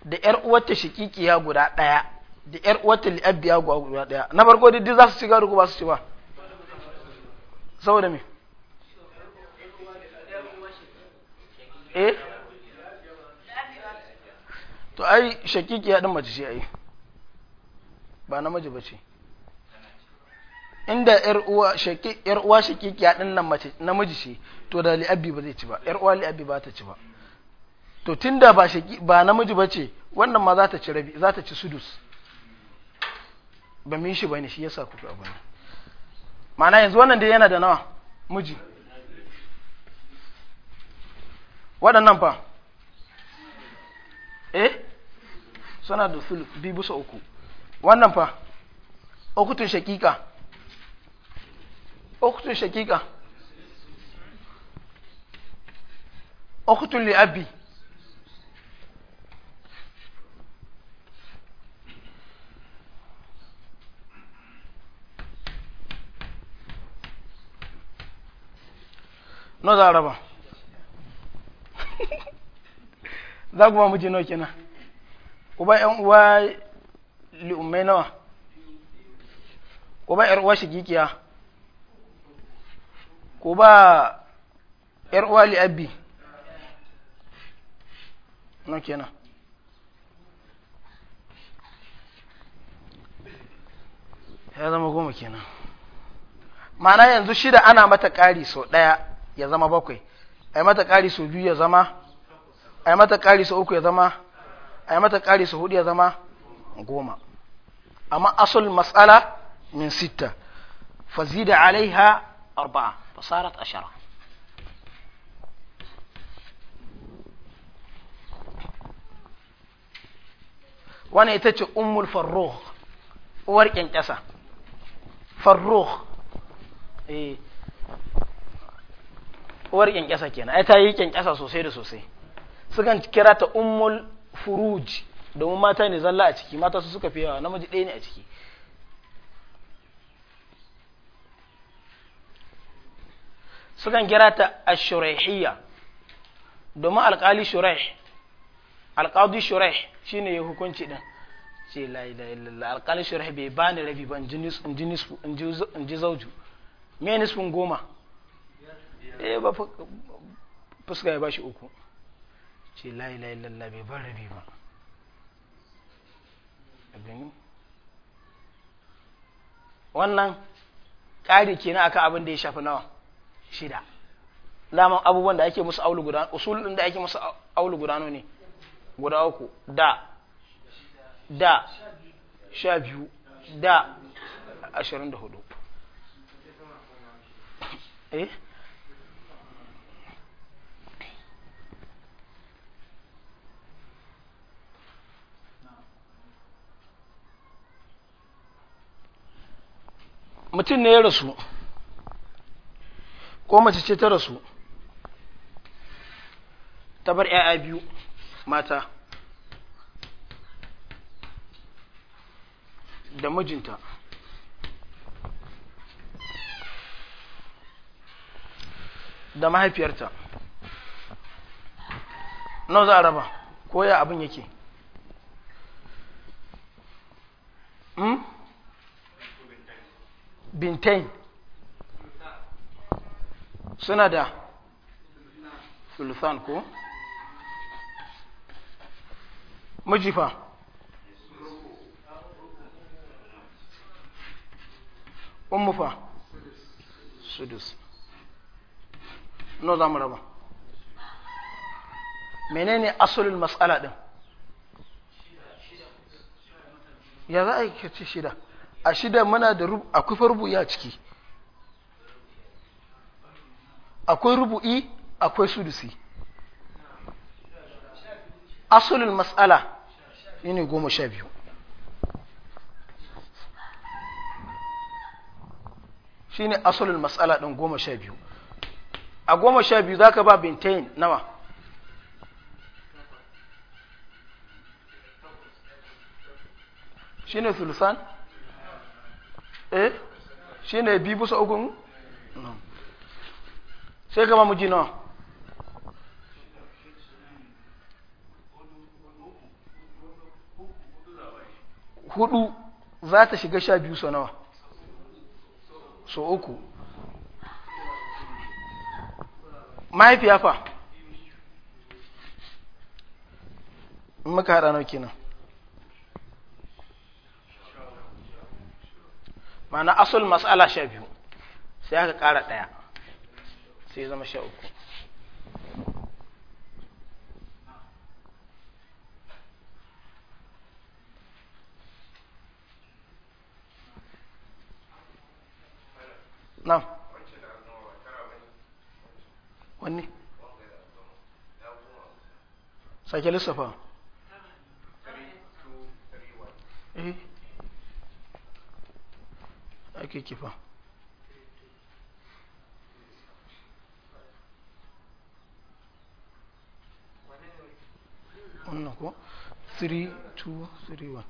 da ƴar uwanta shikikiya guda ɗaya da ƴar uwanta li'abbiya guda ɗaya na farko duk za su ci gari ko ba su ci ba saboda me eh to ai shakikiya din mace ce ai ba namiji ba ce inda yar uwa shaki yar uwa shakikiya din nan mace namiji ce to da li'abbi ba zai ci ba yar uwa li'abbi ba ta ci ba to tunda ba shaki ba namiji ba ce wannan ma za ta ci rabi za ta ci sudus ba min shi bane shi yasa kuka abu ne ma'ana yanzu wannan dai yana da nawa miji waɗannan fa eh suna da sulus bi bisa uku wannan fa ukutun shakika ukhtun shaqiqa ukhtun li abi no za a raba za kuma miji kina ku uba yan uwa li'ummai nawa uba yar uwa shigikiya ko ba ‘yar uwa abi na kenan ya zama goma kenan mana yanzu shida ana mata ƙari sau ɗaya ya zama bakwai a mata ƙari sau biyu ya zama a mata ƙari sau uku ya zama a mata ƙari sau hudu ya zama goma amma asul matsala min sita fazida alaiha arba'a فصارت عشرة wani ita ce ummul farruh uwar kyankyasa farruh eh uwar kenan ai ta yi kyankyasa sosai da sosai sukan kira ta ummul furuj domin mata ne zalla a ciki mata su suka fi yawa namiji ɗaya ne a ciki sukan kira ta ashurahiyya domin alkali shurah alkadi shurah shine ya hukunci din ce la ilaha illallah alkali shurah bai bani rabi ba in ji zauju me nisfin goma eh ba fuska ya shi uku ce la ilaha illallah bai ba rabi ba wannan ƙari kenan akan abin da ya shafi nawa shida laman abubuwan da ake musu aulu guda usul din da ake musu aulu guda ne guda uku da da sha biyu da ashirin da hudu (coughs) eh mutum ne ya rasu ko mace ce ta rasu ta bar ‘ya'ya biyu mata da mijinta da mahaifiyarta nau za a raba ko ya abin yake hmm? bintain suna da sulusan ko majifa umufa sudus no za mu raba menene asalin mas'ala din ya za a yi shida a shida muna da akwai farbu ya ciki akwai rubu'i akwai sudusi asalin mas'ala ne goma sha biyu shi ne asulul mas'ala ɗin goma sha biyu a goma sha biyu za ka ba bintain nawa shi ne sulusan? eh shi ne bi busa no sai gama muji nawa hudu za ta shiga sha biyu so nawa so uku mahaifiya fa maka muka haɗa nauki kenan ma'ana asul mas'ala sha biyu sai aka ƙara ɗaya sai zama sha uku na wani sake lissafa eh ake kifa okay, को three, two, three, one.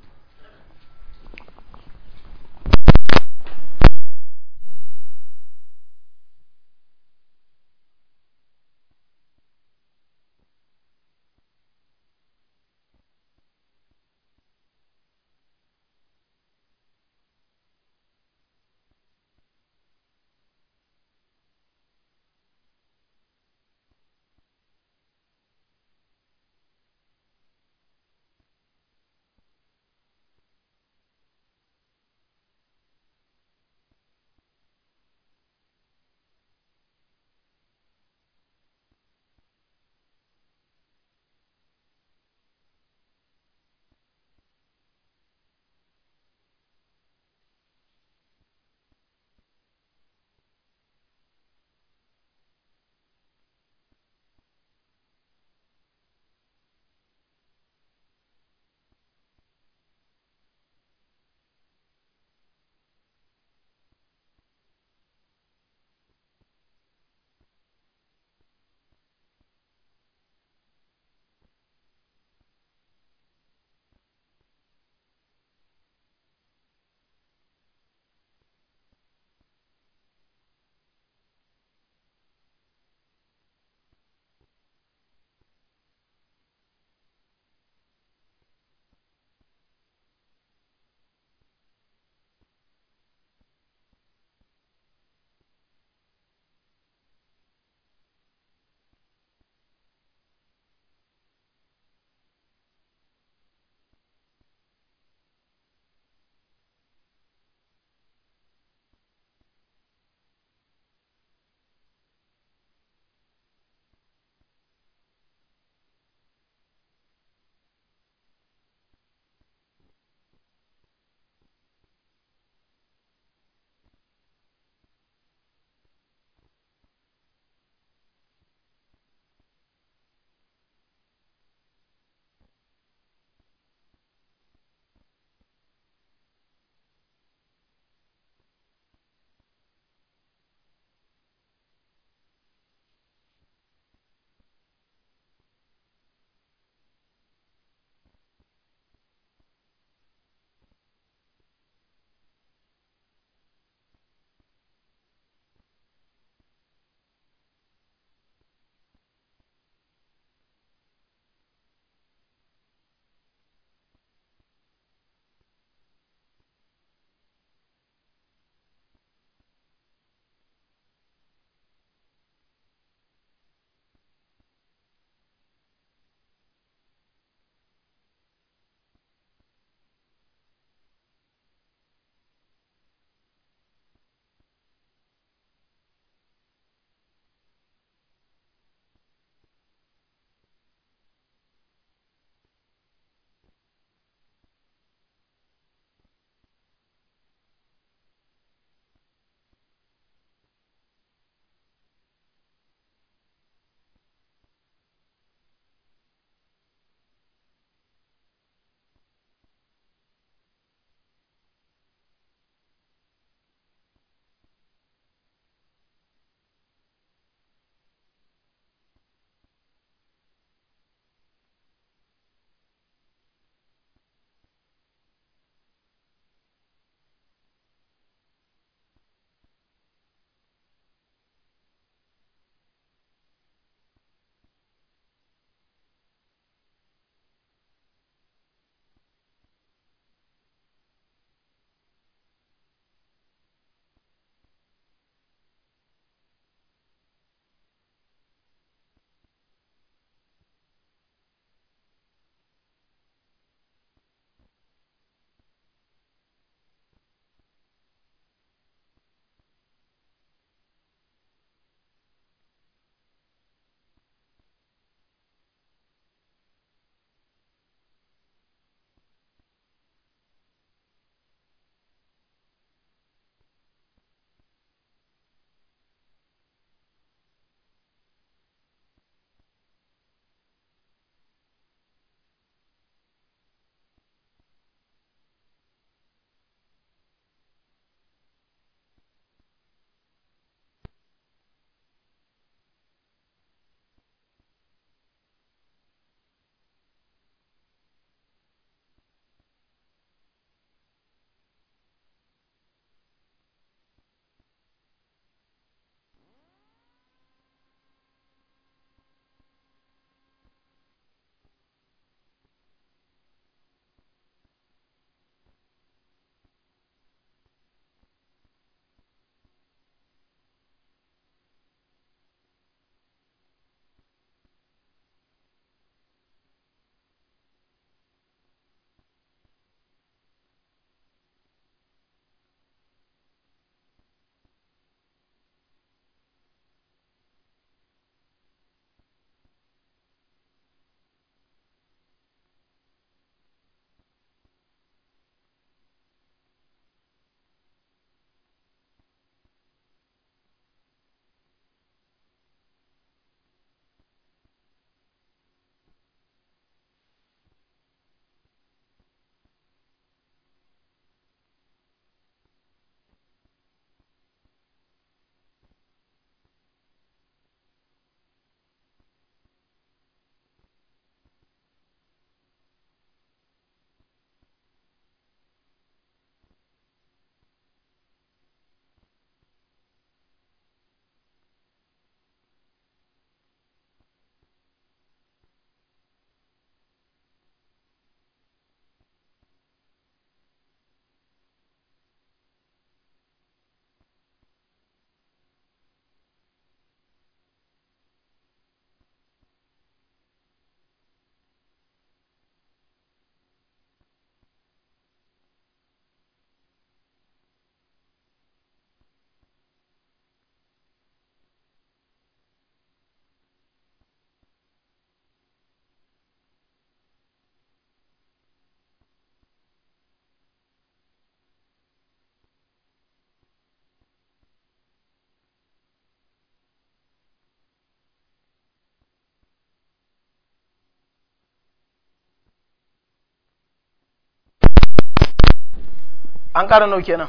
an ƙara nau kenan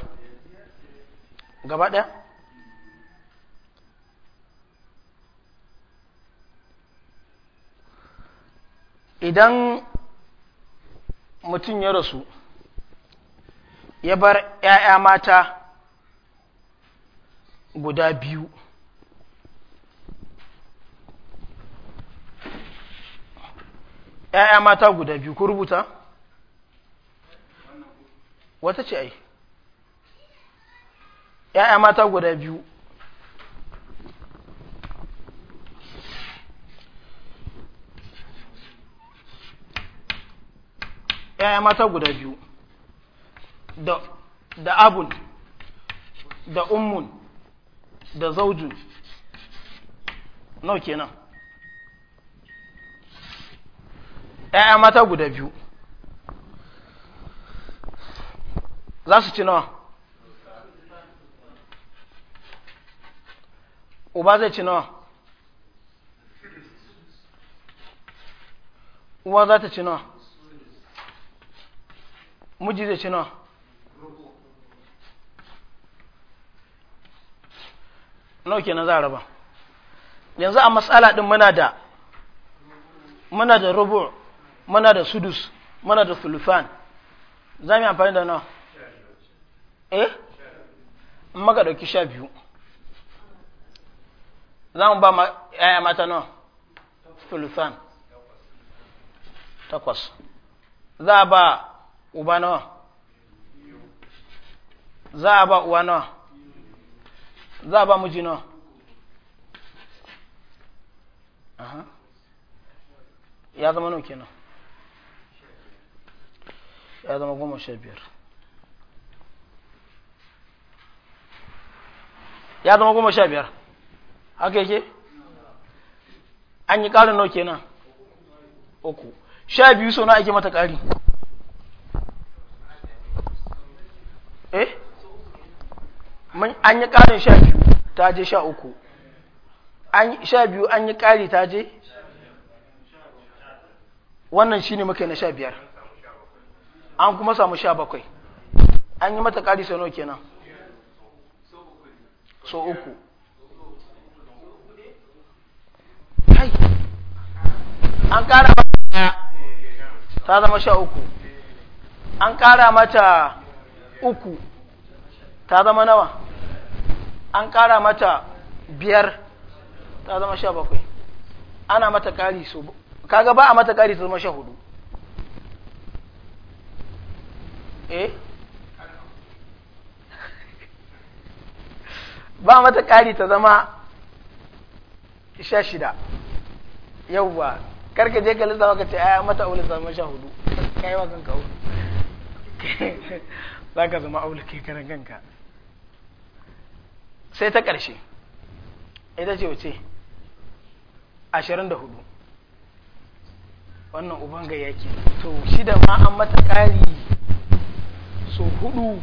gaba ɗaya idan mutum ya rasu ya bar ‘ya'ya mata guda biyu ‘ya'ya mata guda biyu ku rubuta? wata ce ai ‘ya'ya mata guda biyu ‘ya'ya mata guda biyu da abun da ummun da zaujun nau kenan ‘ya'ya mata guda biyu za su ci nawa uba zai ci nawa uwa za ta ci nawa miji zai ci nawa nawa kenan za a raba yanzu a matsala ɗin muna da muna da rubu muna da sudus muna da sulfan za mu yi amfani da nawa eh in maka ɗauki sha biyu za mu ba ‘ya'ya mata nawa filifan takwas za a ba uba nawa za a ba uwa nawa za a ba miji nawa ya zama nau kenan ya zama goma sha biyar ya zama goma sha biyar haka yake an yi ƙarin nau kenan uku sha biyu so na ake mata ƙari eh an yi ƙarin sha biyu ta je sha uku sha biyu an yi ƙari ta je wannan shi ne muka na sha biyar an kuma samu sha bakwai an yi mata ƙari sau nau kenan so uku an ƙara mata ta zama sha uku an ƙara mata uku ta zama nawa an ƙara mata biyar ta zama sha bakwai ana mata ƙari so kaga ba a mata ƙari ta zama sha hudu eh ba mata ƙari ta zama sha shida yauwa karka je ka lissa ka ce aya mata aure zama sha hudu ka yi wa kanka (laughs) za ka zama aure ke karan kanka sai ta ƙarshe ita ce wace ashirin da hudu wannan uban ga ke to shida ma an mata ƙari so hudu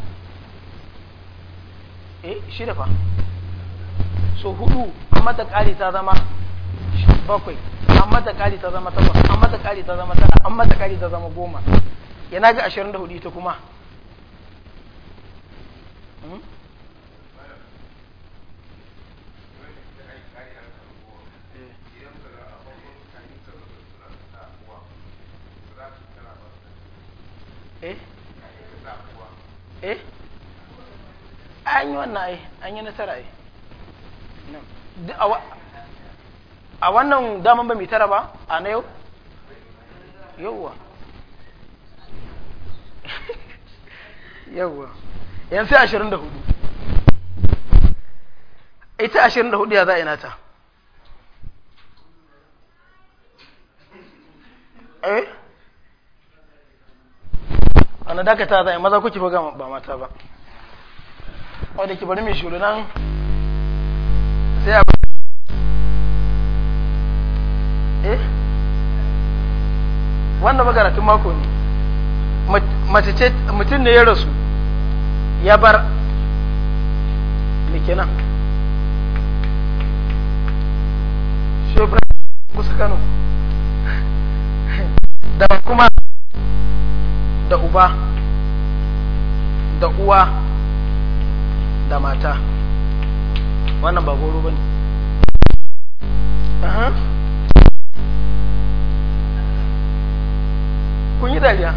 eh shida fa so hudu amma ta kari ta zama bakwai amma ta kari ta zama takwas amma ta kari ta zama tara amma ta kari ta zama goma yana ga ashirin da hudu ita kuma hmm? eh eh an yi wannan ai an yi nasara ai a wannan daman ba mai tara ba a na yau yauwa (laughs) yauwa yan sai ashirin da hudu ita ashirin da hudu ya za a ina ta eh ana dakata za a yi maza kuke ba mata ba wadda ki bari mai shuru nan eh wannan magaratun mako ne mace ce mutum ne ya rasu ya bar kenan shi kusa kano da kuma da uba da uwa da mata wannan ba goro ba ne kun yi dariya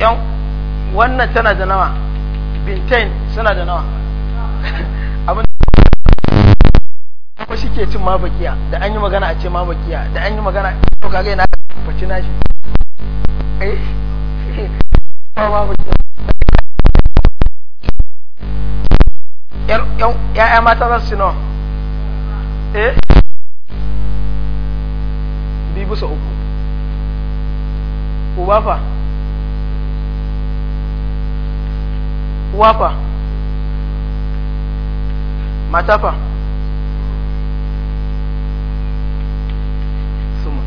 yan wannan tana da nawa bintain suna da nawa (laughs) abin ko shi ke cin mabakiya da an yi magana a ce mabakiya da an yi magana to kaga yana faci nashi eh (laughs) mabakiya ya'ya mata za su ci nawa E bi bisa uku uba wafa uwa fa mata fa sumun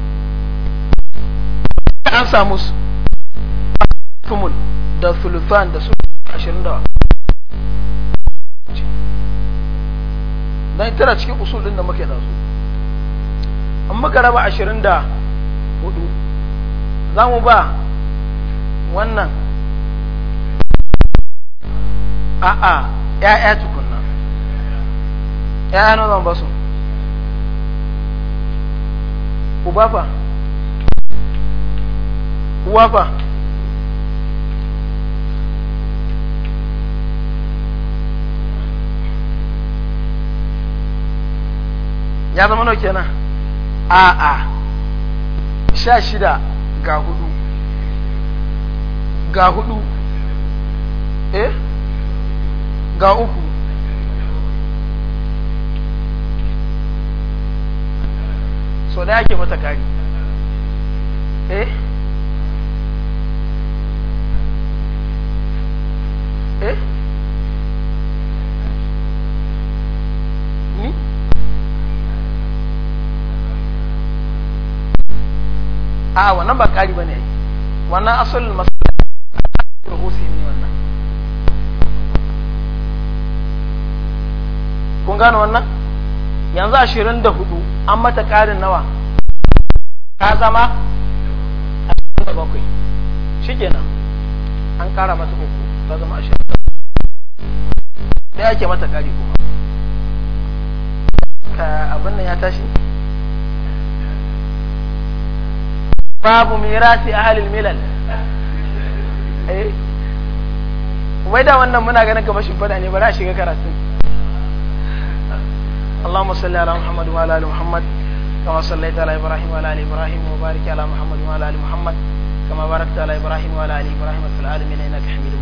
an samu sumul da sulfan da su ashirin da dan tana cikin usul din da muke da su an muka raba ashirin da hudu za mu ba wannan a'a ya'ya tukunna ya'ya na zan basu uba fa uwa fa ya zama nau kenan a'a sha shida ga hudu ga hudu eh ga uku so da yake mata kari eh a wannan ba ƙari ba ne wannan asalin masala da ne wannan kun gano wannan yanzu ashirin da hudu an mata ƙarin nawa ta zama ashirin da bakwai shi kenan an ƙara mata uku ta zama ashirin da bakwai da ke mata ƙari kuma abin nan ya tashi babu mirasi ahalil milal eh wai da wannan muna ganin kamar shimfiɗa ne bari a shiga karatun اللهم صل على محمد وعلى ال محمد كما صليت على ابراهيم وعلى ال ابراهيم وبارك على محمد وعلى ال محمد كما باركت على ابراهيم وعلى ال ابراهيم في العالمين انك حميد